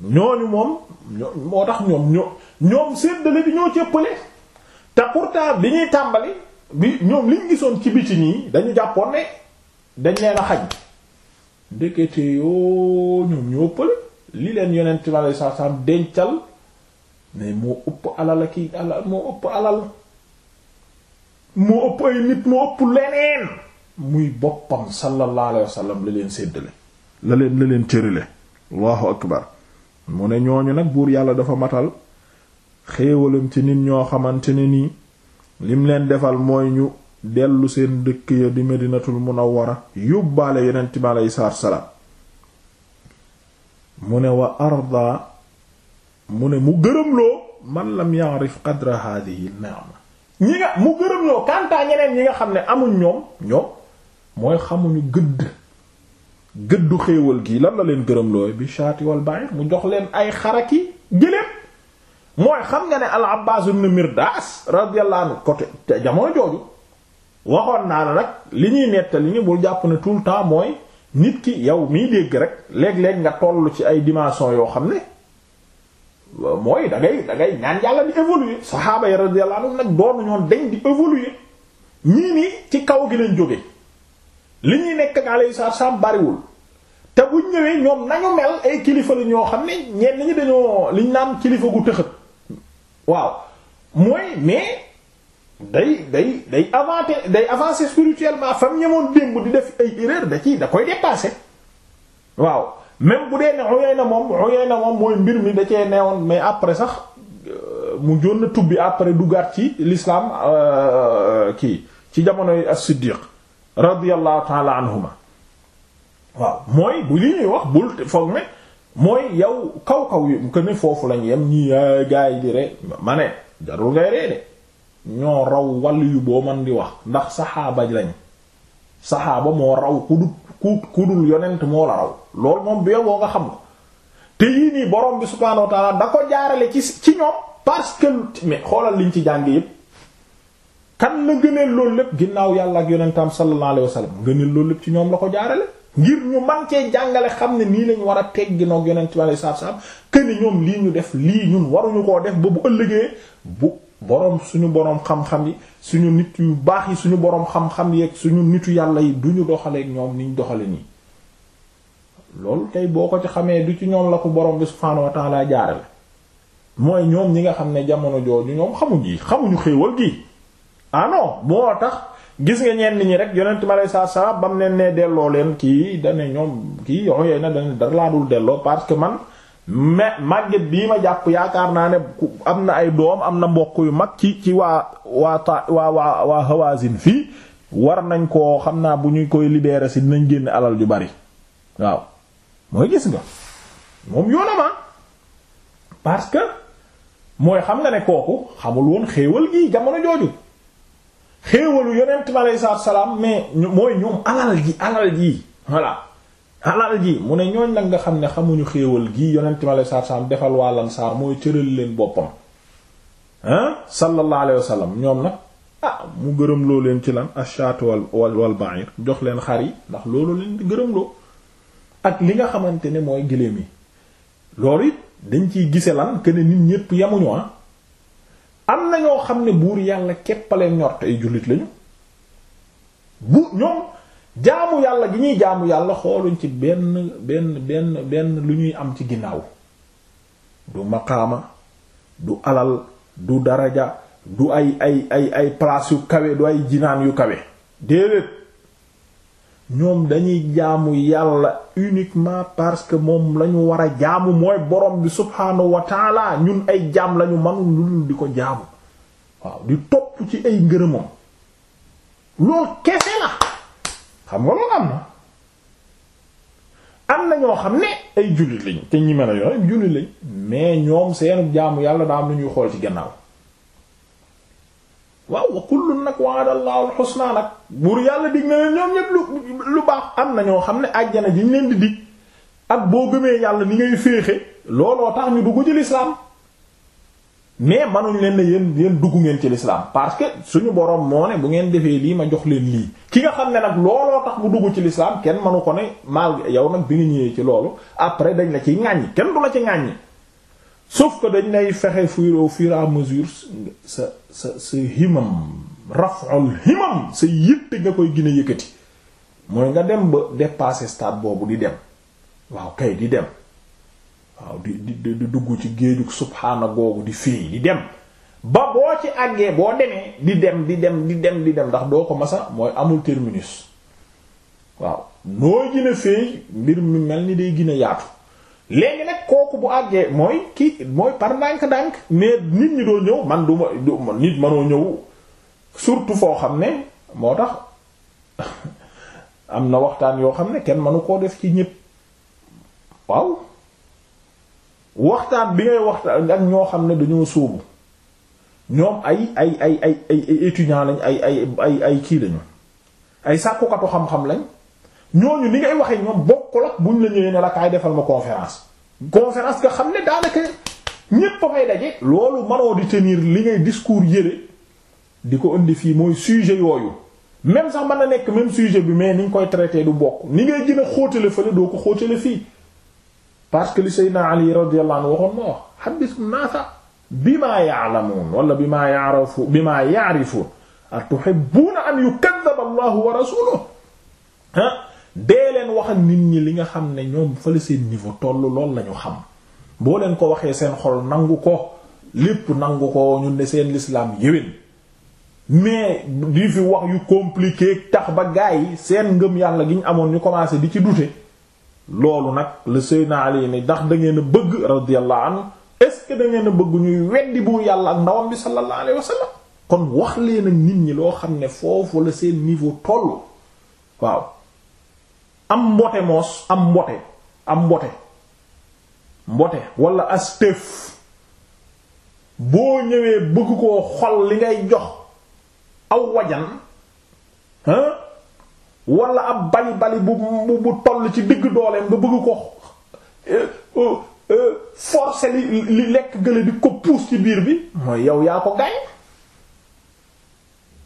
ñooñu moom moo tax ñoom ñoo ñoom séddale bi ñoo cëppale te pourtant bi ñuy tàmbali bi ñoom liñ gisoon ci biti nii dañu jàppoon ne dañ leen a xaj ndekete yoo ñoom ñoo ëppale li leen yonent bi alei satu dencal mais moo ëpp alal ak i alal moo ëpp alal moo ëpp ay nit moo ëpp leneen muy boppam sallallahu alayhi wa la leen séddale la leen la leen cërale allahu akbar mu ne ñooñu nag buur yàlla dafa matal xéewalam ci nit ñoo xamante ni nii lim leen defal mooy ñu dellu seen dëkk ya di medinatul munawwara yóbbaale yonent bi aleyhi salaatu salaam mu ne wa arda mu ne mu gërëmloo man lam ya'rif qadra hadhihi ni'ma ñi nga mu gërëmloo kantaa ñeneen ñi nga xam ne amuñ ñoom ñoom mooy xamuñu gëdd gëddu xéewal gi lan la leen gërëm looy bi shaati wal mu jox leen ay xaraki gëléem mooy xam nga ne al Abbaas ibn Mirdaas radiyallahu anhu côté jamono jooju waxoon naa la nag li ñuy nettali ñu bul jàpp ne tout le temps mooy nit ki yow miy dégg rek léeg-léeg nga toll ci ay dimension yoo xam ne mooy dangay ngay da ngay ñaan yàlla di évoluer saxaaba yi radiyallahu nag doonu ñoon dañ di évoluer ñii nii ci kaw gi leen jóge li ñuy nekk ak alayhi salaam bariwul te bu ñëwee ñoom nañu mel ay kilifa lu ñoo xam ne ñenn ñi dañoo liñ naan kilifa gu tëxët waaw mooy mais day day day avancer day avancer spirituellement fam ñemoon démb di def ay erreur da ci da koy dépasser waaw même bu dee ne xuyay na moom xuyay na moom mooy mbir mi da cee neewoon mais après sax euh, mu jón na tubbi après dugaat ci l'islam euh, kii ci jamonoy as-Siddiq radiyallahu taala anhuma waaw mooy bu li ñuy wax bul foog ne mooy yow kaw kaw yi que ne foofu lañ yem ñi gaa yi di ree ma ne jarul ngay ree de ñoo raw wàll yu boo man di wax ndax saxaaba lañ saxaaba moo raw ku dul ku ku dul yonent moo la raw loolu moom bi boo nga xam ko te yii nii borom bi subhaanahu wa ta'ala da ko jaarale ci ci ñoom parce que xoolal liñ ci jàng yépp kan la gëneel loolu lépp ginnaaw yàlla ak yonentam sallallahu alayhi wasallam gëneel loolu lépp ci ñoom la ko jaarale ngir ñu man cee jàngale xam ne nii lañu war a tegginoog yonent bi alayhi salaatu salaam këni ñoom lii ñu def lii ñun waruñu koo def ba bu ëllëgee bu boroom suñu boroom xam-xam yi suñu nit yu baax yi suñu boroom xam-xam yi suñu nitu yàlla yi duñu doxaleek ñoom niñ doxale nii loolu tey boo ko ci xamee du ci ñoom la ko boroom bi subhaanahu wa ta'ala jaarale mooy ñoom ñi nga xam ne jamono jooju ñoom xamuñ yi xamuñu xéewal gi ah moo tax gis nga ñenn ñi rek yonent mi alayhi saa saa ba mu ne delloo leen kii da ne ñoom kii yoo yooyu nag da dara laa dul delloo parce que man mais màgget bii ma jàpp yaakaar naa ne am na ay doom am na mbokk yu mag ci ci waa waa ta waa waa waa Hawazin fii war nañ koo xam naa bu ñu koy libérer si dinañ génn alal yu bari waaw mooy gis nga moom yoonama ah parce que mooy xam na ne kooku xamul woon xéewal gi jamono jooju. xéewalu yonent bi aleyhi salaatu salaam mais mooy ñoom alal ji alal ji voilà alal ji mu ne ñooñ nag nga xam ne xamuñu xéewal gii yonent bi aleyhi salaatu salaam defal waa lansaar mooy tëral leen boppam ah sallallahu alayhi wa sallam ñoom nag ah mu gërëm loo leen ci lan achaatu wal wal ba'ir jox leen xar yi ndax loolu leen di gërëm loo ak li nga xamante ne mooy gëléem yi loolu it dañ ciy gise lan que ne nit ñépp yamuñu ah am na ñoo xam ne buur yàlla képpale ñor te ay jullit lañu bu ñoom jaamu yàlla gi ñuy jaamu yàlla xooluñ ci benn benn benn benn lu ñuy am ci ginnaaw du maqaama du alal du daraja du ay ay ay ay yu kawe du ay jinaan yu kawe déedéet ñoom dañuy jaamu yàlla uniquement parce que moom lañu war a jaamu mooy borom bi subhaanahu wa taala ñun ay jaam lañu manul lu dul di ko jaamu waaw di topp ci ay ngërëmam loolu kese la xam nga loolu am na am na ñoo xam ne ay jullit lañ te ñi mën a yooyu jullit lañ mais ñoom seenu jaamu yàlla daa am lu ñuy xool ci gannaaw waaw wa kullun nag wa'adallahu al-husna nag buur yàlla dig na leen ñoom ñépp lu lu baax am na ñoo xam ne àjjana ji ñu leen di dig ak boo gëmee yàlla ni ngay féexe looloo tax ñu dugg ci lislaam mais manuñ leen ne yéen yéen dugg ngeen ci lislaam parce que suñu borom moo ne bu ngeen defee lii ma jox leen lii ki nga xam ne nag looloo tax mu dugg ci lislaam kenn manu ko ne mal yow nag bi nga ñëwee ci loolu après dañ la ciy ŋàññi kenn du la ci ŋàññi sauf que dañ lay fexe fuir au fur et à mesure sa sa sa himam raf'ul himam sa yitte nga koy gën a mooy nga dem ba dépasser stade boobu di dem waaw kay di dem waaw di di di dugg ci géejug subhaana googu di fii di dem ba boo ci àggee boo demee di dem di dem di dem di dem ndax doo ko masa mooy amul terminus waaw noo gën a mbir mi mel ni day gina a yaatu léegi nag kooku bu àggee mooy kii mooy par ndànk-ndànk mais nit ñi doo ñëw man du ma nit mënoo ñëw surtout foo xam ne moo tax am na waxtaan yoo xam ne kenn mënu koo def ci ñépp waaw waxtaan bi ngay waxtaan ak ñoo xam ne dañoo sóobu ñoom ay ay ay ay ay étudiants lañ ay ay ay ay kii lañu ay sàkkukatu xam-xam lañ ñooñu ni ngay waxee ñoom bokk ak buñ la ñëwee ne la kaay defal ma conférence conférence nga xam ne daanaka ñépp a fay daje. loolu mënoo di tenir li ngay discours yële di ko indi fii mooy sujet yooyu même sax mën a nekk même sujet bi mais ni ñu koy traité du bokk ni ngay gën a xóotale fële doo ko fii parce que li Seydina Ali radiyallahu anhu waxoon moo wax haddis naasa bimaa ya'lamuun wala Allahu wa dee leen wax nit ñi li nga xam ne ñoom fële seen niveau toll lool lañu xam boo leen ko waxee seen xol nangu ko lépp nangu ko ñun ne seen lislaam yéwén mais di fi wax yu compliqué tax ba gaa yi seen ngëm yàlla gi ñu amoon ñu commencé di ci douter loolu nag le Seydina Ali ne ndax da ngeen a bëgg radiyallahu anhu est-ce que da ngeen a bëgg ñuy weddi buur yàlla ak ndawam bi sallallahu alayhi wa sallam kon wax leen ak nit ñi loo xam ne foofu la seen niveau toll waaw am mbote moos am mbote am mbote mbote walla astef boo ñëwee bëgg koo xol li ngay jox aw wajan hein wala ab bali bali bu bu bu toll ci digg dooleem nga bëgg ko eh, oh, eh, forcer li li lekk gële di ko puus ci biir bi mooy yow yaa ko gaañ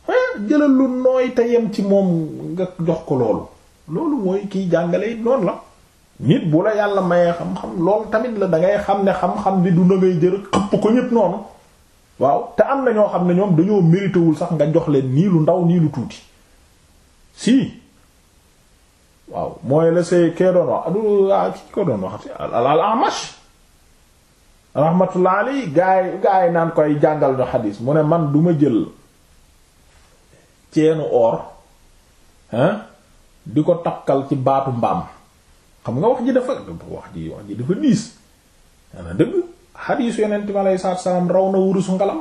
hein jëlal lu nooy te yem ci moom nga jox ko loolu loolu mooy kiy jàngale it noonu la nit bu la yàlla mayee xam-xam loolu tamit la dangay xam ne xam-xam bi du na ngay jër xëpp ko ñépp noonu waaw te am na ñoo xam ne ñoom dañoo méritéwul sax nga jox leen nii lu ndaw nii lu tuuti si waaw mooy la see kee doon wax aduwa ah, ki ko doon wax al amash gaay gaay naan koy jàngal ñu xadis mu ne man duma jël ceenu or hein di ko takkal ci baatu mbaam xam nga wax ji dafa wax ji wax ji dafa diis ana dëgg xadiisu yonent bi aleyhi salaatu raw na wurusu ngalam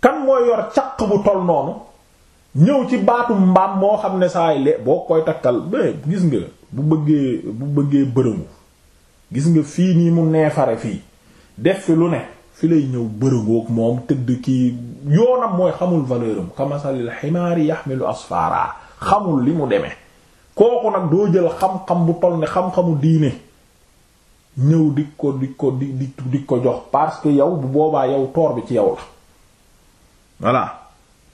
kan mooy yor caq bu tol noonu ñëw ci baatu mbaam moo xam ne saay le boo koy takkal ba gis nga bu bëggee bëggee bërëngu gis nga fii nii mu neefare fii def fi lu ne fi lay ñëw bërëngoog moom tëdd kii yoonam mooy xamul valeur am kamasalil ximaari yaxmilu asfara xamul li mu demee kooku nag doo jël xam-xam bu toll ne xam-xamu diine ñëw di ko di ko di di ko jox parce que yow bu boobaa yow toor bi ci yow la voilà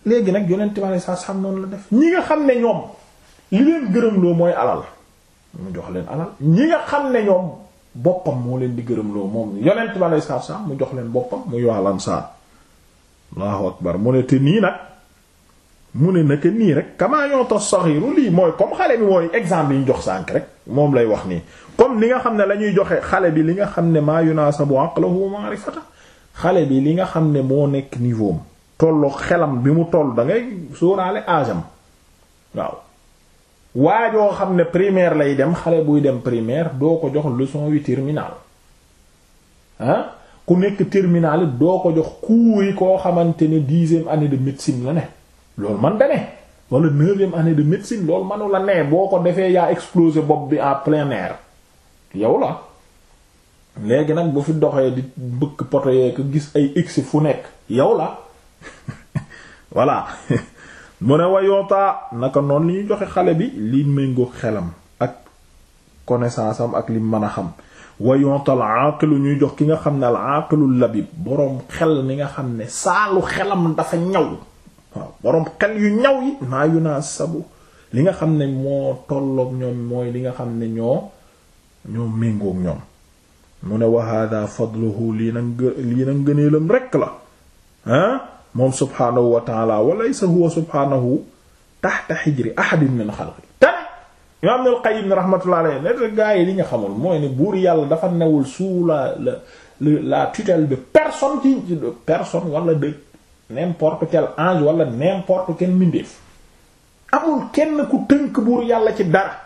léegi nag yonent ma ne saa sam noonu la def ñi nga xam ne ñoom li leen gërëmloo mooy alal mu jox leen alal ñi nga xam ne ñoom boppam moo leen di gërëmloo moom yonent ma ne saa mu jox leen boppam mu waa Ansaar Allahu akbar mu ne te nii nag. mu ne naka nii rek kamaa yonta saxiru lii mooy comme xale bi mooy exemple yi ñu jox sànk rek moom lay wax nii comme li nga xam ne lañuy joxe xale bi li nga xam ne maa yunasabu aqlahu ma'rifata xale bi li nga xam ne moo nekk niveau tollu xelam bi mu toll da ngay sóoraale âge am waaw waajoo xam ne primaire lay dem xale buy dem primaire doo ko jox leçon yu terminale ah ku nekk terminale doo ko jox cours koo xamante ni dixième année de médecine la ne loolu man da ne wala neuvième année de médecine loolu manu la ne boo ko defee yaa explosé bopp bi en plein yow la léegi nag bu fi doxee di bëkk poto yeeg gis ay egsi fu nekk yow la voilà mu ne wayootaa naka noonu li ñu joxe xale bi li méngoo xelam ak connaissance ak li mën a xam wayootal aaqilu ñuy jox ki nga xam ne al aaqilu labib boroom xel ni nga xam ne saalu xelam dafa ñaw waaw boroom xel yu ñaw yi naa yunaasabu li nga xam ne moo tolloog ñoom mooy li nga xam ne ñoo ñoo méngoog ñoom mu ne wa hada fadluhu lii nag lii nag ngëneelam rekk la ah moom subhaanahu wa taala walaysa huwa subhaanahu taxta xijri ahadin min gaa yi li nga xamul mooy ne buur yàlla dafa newul sous la la la tutelle de personne ci personne wala de n'importe quel ange wala n'importe quel mbindeef amul kenn ku tënk buur yàlla ci dara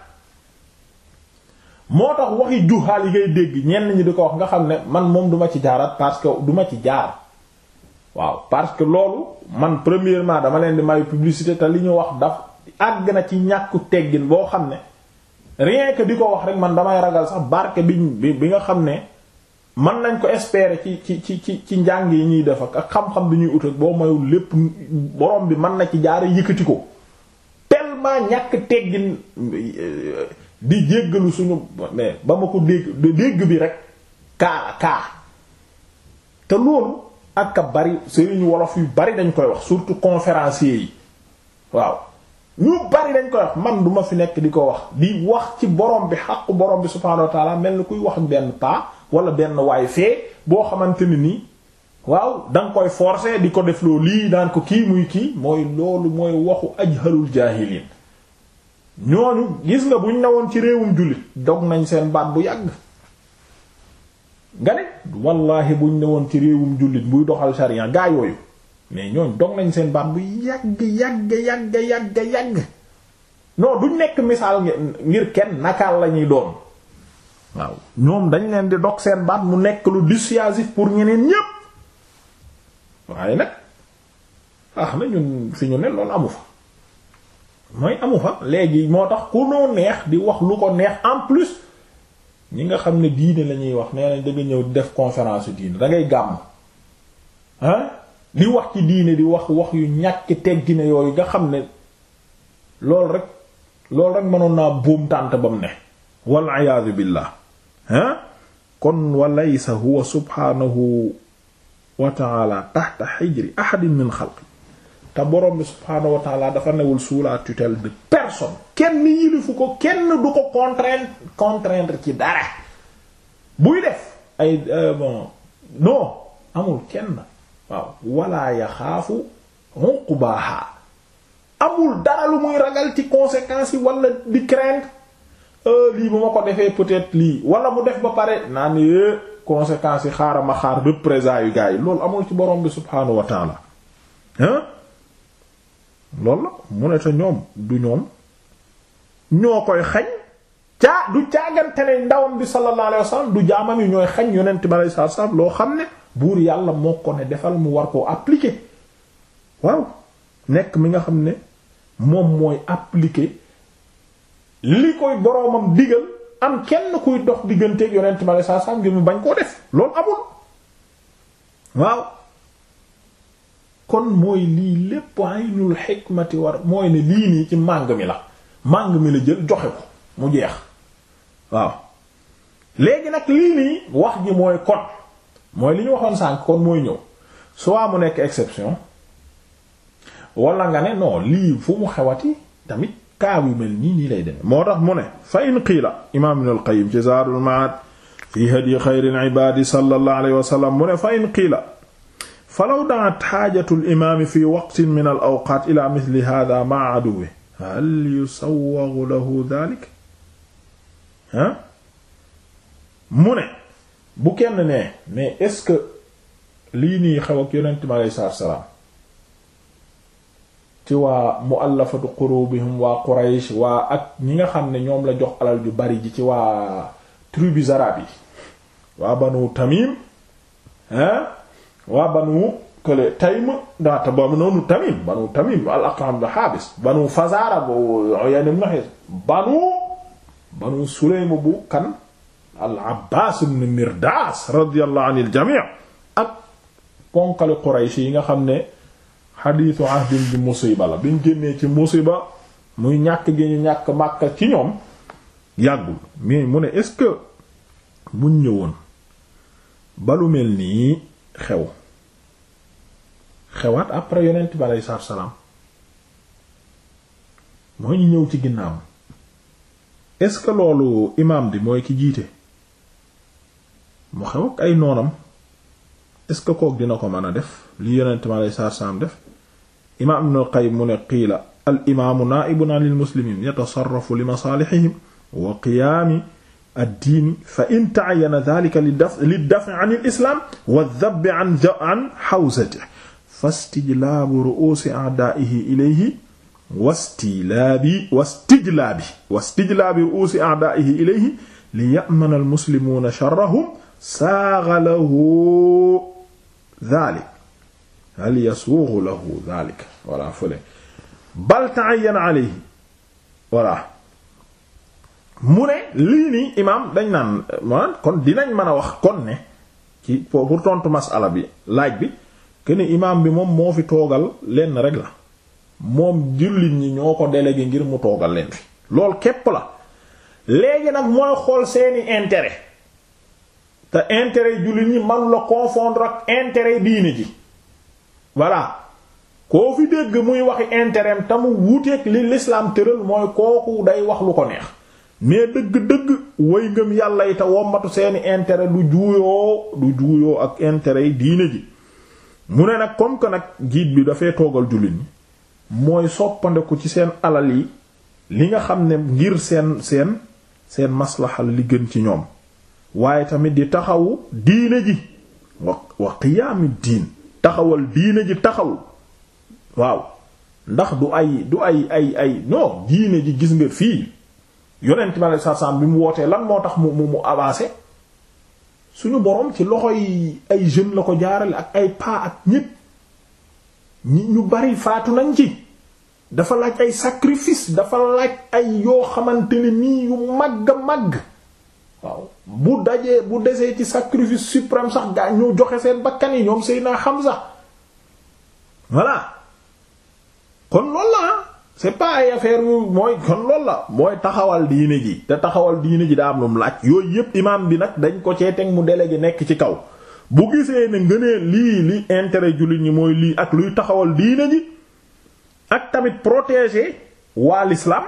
moo tax waxi juhaal yi ngay dégg ñenn ñi di ko wax nga xam ne man moom duma ci jaarat parce que duma ci jaar waaw parce que loolu man premièrement dama leen di mayu publicité te li ñu wax daf àgg na ci ñàkku teggin boo xam ne rien que di ko wax rek man damay ragal sax barke bi bi nga xam ne man nañ ko espérer ci ci ci ci ci njàng yi ñuy def ak xam-xam bi ñuy ut ak boo mayul lépp boroom bi mën na ci jaare yëkkati ko tellement ñàkk teggin di jéggalu suñu mais ba ma ko dégg dégg bi rek kaa kaa te loolu ak a bari sëriñ wolof yu bari dañ koy wax surtout conférencier yi waaw ñu bari dañ koy wax man duma fi nekk di ko wax di wax ci borom bi xaqu borom bi subhaanahu mel ni kuy wax benn paa wala benn waay fee boo xamante ne nii waaw da nga koy forcer di ko def loo lii daan ko kii muy kii mooy loolu mooy waxu ajhalul jaahiliin ñooñu gis nga buñ ci réewum jullit dog nañ seen baat bu yàgg nga ne wallaahi buñ newoon ci réewum jullit buy doxal sariya gaa mais ñooñ dog nañ seen baat bu yàgg yàgg yàgg yàgg yàgg non nekk misaal ngir kenn nakaal lañuy doon waaw ñoom dañ leen di dog seen baat mu nekk lu dissuasif pour ñeneen ñépp waaye nag ah na ñun fi ñu ne loolu amu fa mooy amu fa léegi moo tax ku noo neex di wax lu ko neex en plus ñi nga xam ne diine la ñuy wax nee nañ da ñëw di def conférence diine da ngay gàmm ah di wax ci diine di wax wax yu ñàkk teggine yooyu nga xam ne loolu rek loolu rek mënoon naa buum tànt ba mu ne wal ayaadu billah ah kon walaysa huwa subhaanahu wa taala taxta xijri ahadin dafa newul sous la tutelle de ko kenn du ko ci dara buy def ay euh, bon non amul kenn waaw wala yaxaafu unqubaaha amul dara muy ragal ci conséquences yi wala di craindre Euh, lii bu ma ko defee peut-être lii wala mu def ba pare naa ne conséquences yi xaaral ma xaar représailles yu gars yi loolu amul ci borom bi subhaanahu wa taala hein loolu la mu ne te ñoom du ñoom ñoo koy xañ caa du caagante ne ndawam bi sallallahu alayhi du jaamam yi ñooy xañ yonent bi alayhi wasallam loo xam ne buur yàlla moo ko ne defal mu war koo appliquer waaw nekk mi nga xam ne moom mooy appliquer li koy boroomam digal am kenn kuy dox digganteeg yonent ma la saa saa ngir mu bañ koo def loolu amul waaw kon mooy lii lépp aynul xikmati war mooy ne lii nii ci màng mi la màng mi la jël joxe ko mu jeex waaw léegi nag lii nii wax ji mooy kon mooy li ñu waxoon sànq kon mooy ñëw soit mu nekk exception wala nga ne non lii fu mu xewati tamit kaaw yu mel nii nii lay demee moo tax mu ne fa in qiila imaam Ibn al-Qayyim ci Zaadul Ma'aad fi hadyi xayril ibaadi sallallahu alayhi wa sallam mu ne fa in qiila falaw da'at xaajatul imaami fi waqtin min al awqaat ila mithli haadaa ma'a aduwwihi hal yusawwaghu lahu dhaalika ah mu ne bu kenn ne mais est-ce que lii nii xew ak yonent mi alayhi salaam ci waa muallafatu qulubihim waa Quraysh waa ak ñi nga xam ne ñoom la jox alal ju bari ji ci waa tribus arabes yi waa banu Tamim hein waa banu kële Taym banu Tamim al-Aqram da Habis banu Fazara bu Uyayna ibn Hisn banu banu Sulaym bu kan al-Abbas ibn Mirdas radiyallahu anil jami' ak ponkali Quraysh yi nga xam ne xadiisu ahdin bi musiba la biñ génnee ci musiba muy ñàkk gi ñu ñàkk Makka ci ñoom yàggul mais mu ne est-ce que buñ ñëwoon ba lu mel nii xew xewaat après yonent bi aleyhi salaatu salaam mooy ñëw ci ginnaaw est-ce que loolu imaam bi mooy ki jiite mu xew ak ay noonam est-ce que kook dina ko mën a def li yonent bi aleyhi def imaam Ibnul Qayyim mu ne qiila al imaamu naa'ibun anil muslimiin yatasarrafu li masaalihihim wa qiyaami addiini fa in ta'ayyana dhaalika li daf'i anil islaam wa dhabbi an an hawzatihi fastijlaabu ru'uusi a'daa'ihi ilayhi wastijlaabi wastijlaabi wastijlaabi ru'uusi a'daa'ihi ilayhi liya'mana al muslimuuna sharrahum saagha lahu dhaalik hal yasuuxu lahu daalika voilà fële bal ta'ayyana alayhi voilà mu ne lii nii imaam dañ naan maanaam kon dinañ mën a wax kon ne ci pour tontu masala bi laaj bi kene imaam bi moom moo fi toogal lenn rek la moom jullit ñi ñoo ko délégué ngir mu toogal leen fi lool képp la léegi nag mooy xool seeni intérêt te intérêt jullit ñi man la confondre ak bii diine ci voilà koo fi dégg muy waxi intérêt te mu wuuteeg li l'islam tëral mooy kooku day wax lu ko neex mais dëgg-dëgg way ngëm yàlla yi te wommatu seeni intérêt du juuyoo du juuyoo ak intérêt yi diine ji mu ne nag comme que nag jiit bi dafay toogal jullit ñi mooy soppandeku ci seen alal yi li nga xam ne ngir seen seen seen maslaxal li gën ci ñoom waaye tamit di taxawu diine ji wa wa qiyaami diin taxawal diine ji taxaw waaw ndax du ay du ay ay ay non diine ji gis nga fii yonent bi alei satu bi mu wootee lan moo tax mu mu mu avancé suñu borom ci loxo yi ay jeunes la ko jaarale ak ay pa ak ñépp ñi ñu bari faatu nañ ci dafa laaj ay sacrifice dafa laaj ay yoo xamante ne nii yu màgg màgg waaw bu dajee bu desee ci sacrifice suprême sax gaa ñu joxe seen bakkan yi ñoom naa xam sax voilà kon loolu la c'est pas ay mooy kon loolu la mooy taxawal diine ji te taxawal diine ji daa am lu laaj yooyu yépp imaam bi nag dañ ko cee teg mu délégué nekk ci kaw bu gisee ne ngënee lii li intérêt jullit ñi mooy lii ak luy taxawal diine ji ak tamit protéger waa l'islam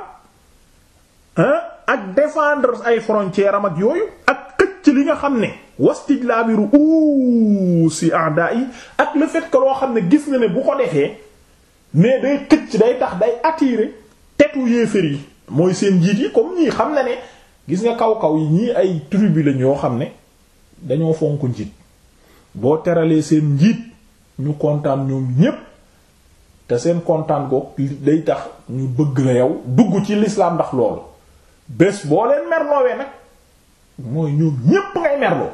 hein ak défendre ay frontières am ak yooyu ak xëcc li nga xam ne wastijlaabi ru'usi a'da'i ak le fait que loo xam ne gis nga ne bu ko defee mais day xëcc day tax day attirer tetu yéefér yi mooy seen njiit yi comme ñii xam na ne gis nga kaw-kaw yi ñii ay tribu lañ yoo xam ne dañoo fonk njiit boo teralee seen njiit ñu kontaan ñoom ñépp te seen kontaan ko day tax ñu bëgg la yow dugg ci lislaam ndax loolu bés boo leen merloowee nag mooy ñoom ñépp ngay merloo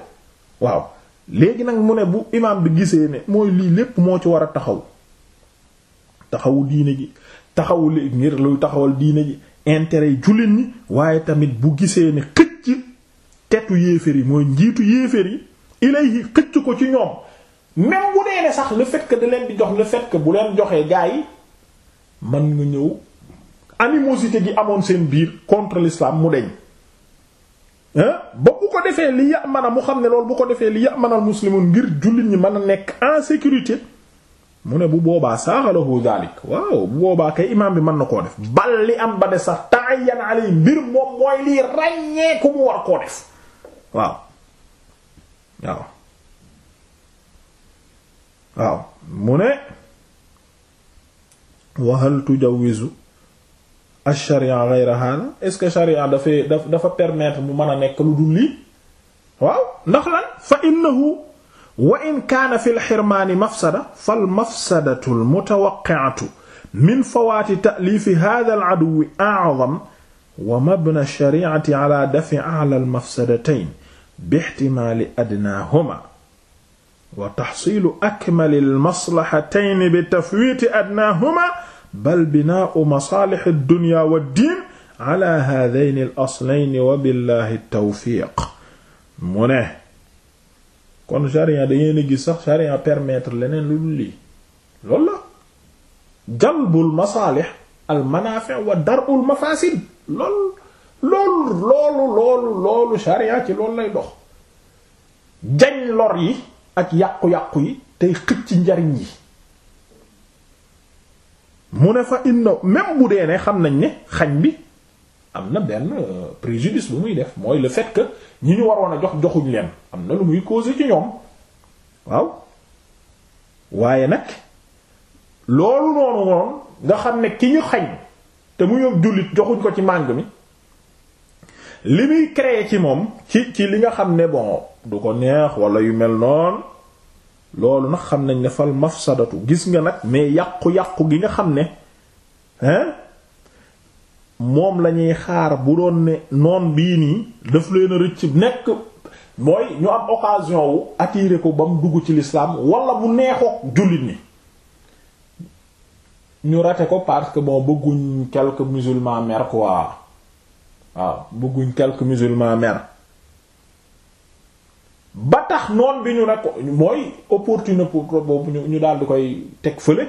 waaw léegi nag mu ne bu imaam bi gisee ne mooy lii lépp moo ci war a taxaw taxawu diine ji taxawu li ngir luy taxawal diine ji intérêt yi jullit ni waaye tamit bu gisee ne xëcc tetu yéeféer yi mooy njiitu yéeféer yi yi xëcc ko ci ñoom même bu dee ne sax le fekk que da leen di jox le fekk que bu leen joxee gaa yi man nga ñëw animosité gi amoon seen biir contre l'islam mu deñ ba bu ko defee li ya man a mu xam ne loolu bu ko defee li man manal muslimun ngir jullit ñi mën a nekk en sécurité mu ne bu boobaa saaxalahu dalik waaw bu boobaa kay imaam bi mën na koo def bal li am ba de sax ta'ayyan alay mbir moom mooy lii ku mu war koo def waaw waaw waaw mu ne wahal tujawizu ash-sharia ghayra hada est-ce que sharia dafay dafa permettre mu mën a nekk lu dul lii waaw ndax lan fa innahu wa in kaana fi al-hirmaani mafsada fal mafsadatu al-mutawaqqi'atu min fawaati ta'liifi hada al-'aduwwi a'zam wa mabna ash-shari'ati 'ala daf'i a'la al-mafsadatayn bi ihtimaali adnaahumaa wa tahsiili akmali al-maslahatayn bi tafwiiti adnaahumaa bal binaau masalix ad-dunya wad-diin ala haadayni al-aslayni wa billahi tawfiq mu ne kon sharia dangeen a gis sax sharia permettre leneen lu dul lii loolu la jalbul masaalix al wa darul mafaasid lool loolu loolu loolu loolu sharia ci loolu lay dox jañ lor yi ak yàqu-yàqu yi tey ci njariñ yi mu ne fa inna même bu dee ne xam nañ ne xañ bi am na benn euh, préjudice bu muy def mooy le fait que ñi ñu waroon a jox joxuñ leen am na lu muy causé ci ñoom waaw waaye nag loolu noonu noonu nga xam ne ki ñu xañ te mu yóbbu jullit joxuñ ko ci màng mi li muy créer ci moom ci ci li nga xam ne bon du ko neex wala yu mel noon loolu nag xam nañ ne fal mafsadatu gis nga nag mais yàqu-yàqu gi nga xam ne hein moom lañuy xaar bu doon ne noon bii nii daf leen a rëcc nekk mooy ñu am occasion wu attirer ko ba mu dugg ci l'islam wala bu neexook jullit ni ñu rate ko parce que bëgguñ quelques musulmans mer quoi waaw bëgguñ quelques musulmans mer ba tax noon bi ñu ne ko mooy opportunité pour boobu ñu daal di koy teg fële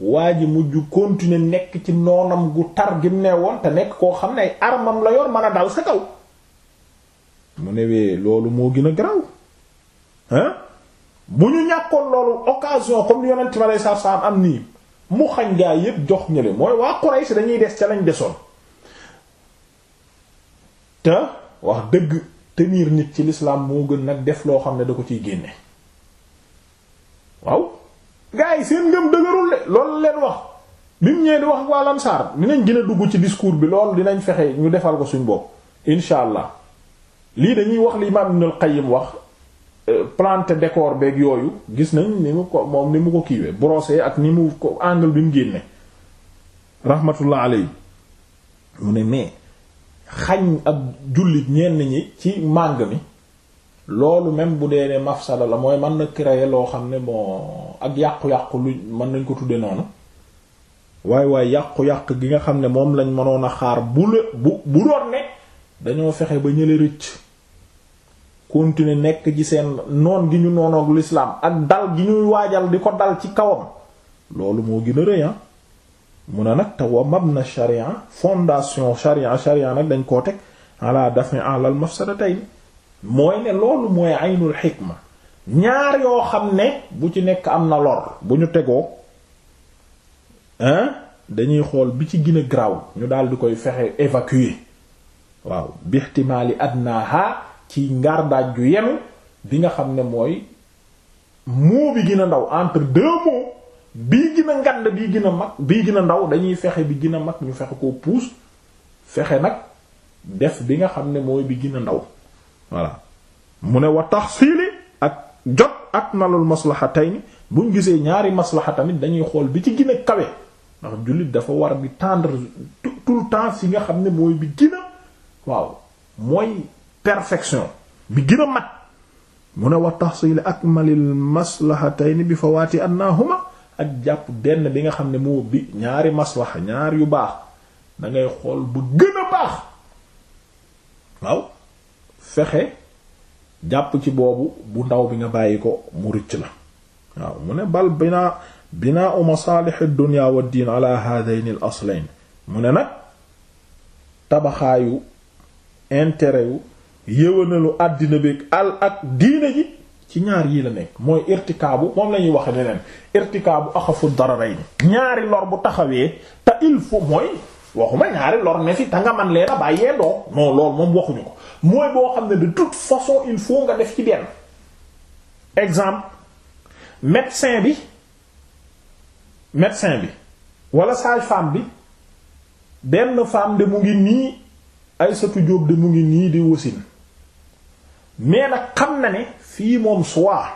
waa ji mujj continuer nekk ci noonam gu tar gi ne woon te nekk koo xam ne ay armam la yoon mën a dal sa kaw mu newee loolu moo gën a garaaw hein bu ñu ñàkkoon loolu occasion comme yonent ma lay saaf saaf am nii mu xañ gaa yépp jox ñële mooy waa Quraysh dañuy des ca lañ desoon te wax dëgg tenir nit ci lislaam moo gën nag def loo xam ne da ko ciy génne waaw gars yi seen ngëm dëgërul de loolu leen wax bi mu wax waa Ansaar dinañ gën a dugg ci discours bi lool dinañ fexe ñu defal ko suñ bopp incha allah lii dañuy wax li imaam Ibnul wax euh, planter décor beeg yooyu gis nañ ni mu ko moom ni mu kiiwee brosser ak ni mu ko angle bi mu génne rahmatullah alayhi mu ne mais. xañ ab jullit ñenn ñi ci màng mi loolu même bu dee ne mafsada la mooy man na créer loo xam ne bon ak yàqu-yàqu lu mën nañ ko tudde noonu waaye waaye yàqu-yàq gi nga xam ne moom lañ mënoon a xaar bu la bu bu doon ne dañoo fexe ba ñële rëcc continuer nekk ci seen noon gi ñu noonoog lislaam ak dal gi ñuy waajal di ko dal ci kawam loolu moo gën a rëy ah. mu ne nag te wa na sharia fondation sharia sharia nag dañ koo teg ala dafi alal mafsadatayn mooy ne loolu mooy aynul xikma ñaar yoo xam ne bu ci nekk am na lor bu ñu tegoo hein dañuy xool bi ci gën a graw ñu daal di koy fexe évacuer waaw bixtimaali adnaha ci ngardaaj ju yenu bi nga xam ne mooy moo bi gën ndaw entre deux bii gën a ngand bii gën a mag bii gën a ndaw dañuy fexe bi gën mag ñu fexe koo puus fexe nag def bi nga xam ne mooy bi gën ndaw voilà mu ne wa taxsiili ak jot ak nalul maslahatayni buñ gisee ñaari maslaha tamit dañuy xool bi ci gën a kawe ndax jullit dafa war bi tendre tout le temps si nga xam ne mooy bi waaw mooy perfection bi gën a mat mu ne wa taxsiili akmalil maslahatayni bi fawaati annahuma ak jàpp denn bi nga xam ne moo bi ñaari maslaxa ñaar yu baax dangay xool bu gën a baax waaw fexe jàpp ci boobu bu ndaw bi nga bàyyi ko mu rëcc la waaw mu ne bal binaa binaa u masalih ad-dunya wa ad-din ala hadayn al-aslayn mu ne nag tabaxaayu intérêt yu àddina bi al ak diine ji ci ñaar yii la nekk mooy irtikaabu moom la ñuy wax leneen irtikaabu axafu dararayn ñaari lor bu taxawee te il faut mooy waxuma ñaari lor ne fi te nga man leen a bàyyee doo non loolu moom waxuñu ko mooy boo xam ne du toute façon il faut nga def ci benn exemple médecin bi médecin bi wala sage-femme bi benn femme de mu ngi nii Aysatu Jóob de mu ngi nii di wasin mais nag xam na ne fii moom soit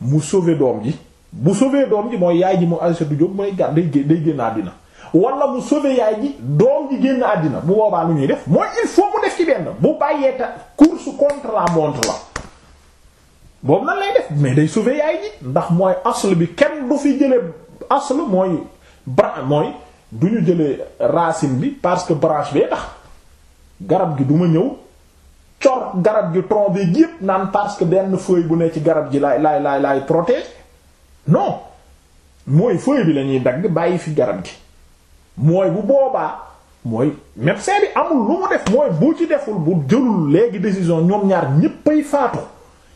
mu sauver doom ji bu sauver doom ji mooy yaay ji mu Aysatu Jóob mooy gàr day day génn àddina wala mu sauver yaay ji doom ji génn àddina bu boobaa lu ñuy def mooy il mu def ci benn bu bàyyee ta course contre la montre la boobu nan lay def mais day sauver yaay ji ndax mooy asl bi kenn du fi jële asl mooy bran mooy du ñu jële racine bi parce que branche bee tax garab gi duma ñëw cor garab gi trompé yépp naan parce que benn feuille bu ne ci garab gi laay laay laay laay protéger non mooy feuille bi lañuy ñuy dagg bàyyi fi garab gi mooy bu boobaa mooy médecin bi amul lu mu def mooy bu ci deful bu jëlul léegi décision ñoom ñaar ñéppay faatu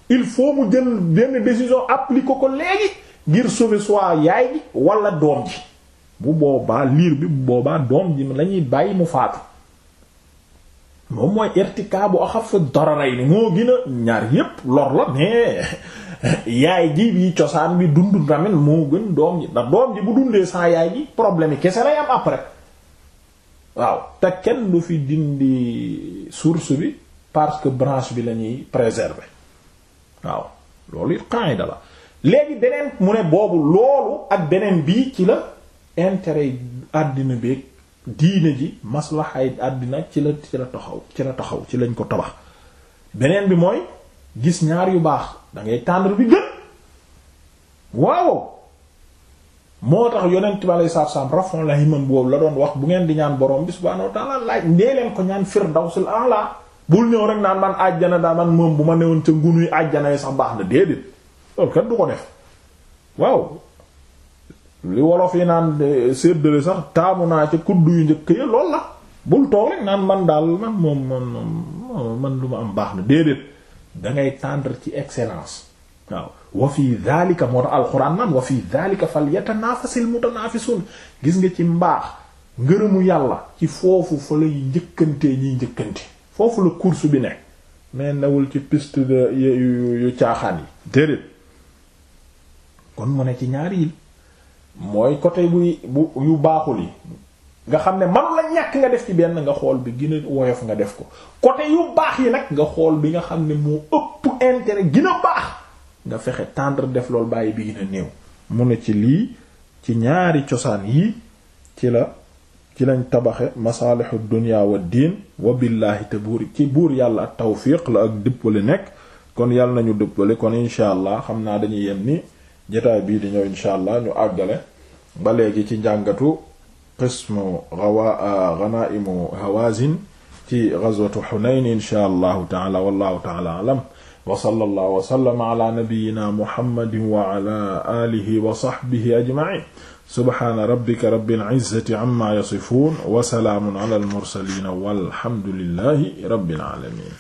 il faut mu jël benn décision li ko ko léegi ngir sauver soit yaay gi wala doom ji bu boobaa liir bi boobaa doom ji lañuy bàyyi mu faatu. moom mooy irtikaabu axaf dararay ni moo gën a ñaar yépp lor la mais yaay ji bi cosaan bi dund tamit moo gën doom ji ndax doom ji bu dundee sans yaay ji problème yi kese lay am après waaw te kenn du fi dindi source bi parce que branche bi la ñuy préserver waaw loolu it qaida la léegi beneen mu ne boobu loolu ak beneen bii ci la intérêt yi àddina beeg diine ji maslaxaay àddina ci la ci la taxaw ci la taxaw ci lañ ko tabax beneen bi mooy gis ñaar yu baax dangay ngay tàndal bi gën waaw moo tax yonent bi alayhi salaatu salaam rafon la himan boobu la doon wax bu ngeen di ñaan borom bi subhaanahu wa ta'aala laaj ndee leen ko ñaan firdawsul a'la bul ñëw rek naa man àjjana daa man moom bu ma newoon ca ngunuy àjjana yi sax baax na déedéet loolu kat du ko def waaw li wolof yi naan séddale sax taamu naa ca kuddu yu njëkk ya lool la bul toog rek naan man daal man moom man moom man lu ma am baax na déedéet dangay tendre ci excellence waaw wa fi dhalika moo tax alxuraan naan wa fi dhalika falyatanafasil mutanafisun gis nga ci mbaax ngërëmu yàlla ci foofu fa lay njëkkantee ñiy njëkkante foofu la course bi nekk mais newul ci piste de yu caaxaan yi déedéet kon mu ne ci ñaari yi mooy côté buy bu yu baaxul yi nga xam ne manu ñàkk nga def ci benn nga xool bi gën woyof nga def ko côté yu baax yi nag nga xool bi nga xam ne moo ëpp intérêt gën baax nga fexe tendre def loolu bàyyi bi gën a néew mu ne ci lii ci ñaari cosaan yi ci la ci lañ tabaxe masaalihu dunya wa diin wa billaahi te buur ci buur yàlla ak tawfiq la ak dëppale nekk kon yàlla nañu dëppale kon incha allah xam naa dañuy yem ni jotaay bii di ñëw incha allah ñu àggale ba léegi ci njàngatu qismu awa euh, ghanaimu hawazin ci ghazwatu hunayn insha allahu taala wallahu taala alam wa sallallahu wa sallama ala nabiyyina muhammadin wa ala alihi wa sahbihi ajma'in subhana rabbika rabbil izzati amma yasifun wa salaamun ala al mursalin walhamdulillahi rabbil alamin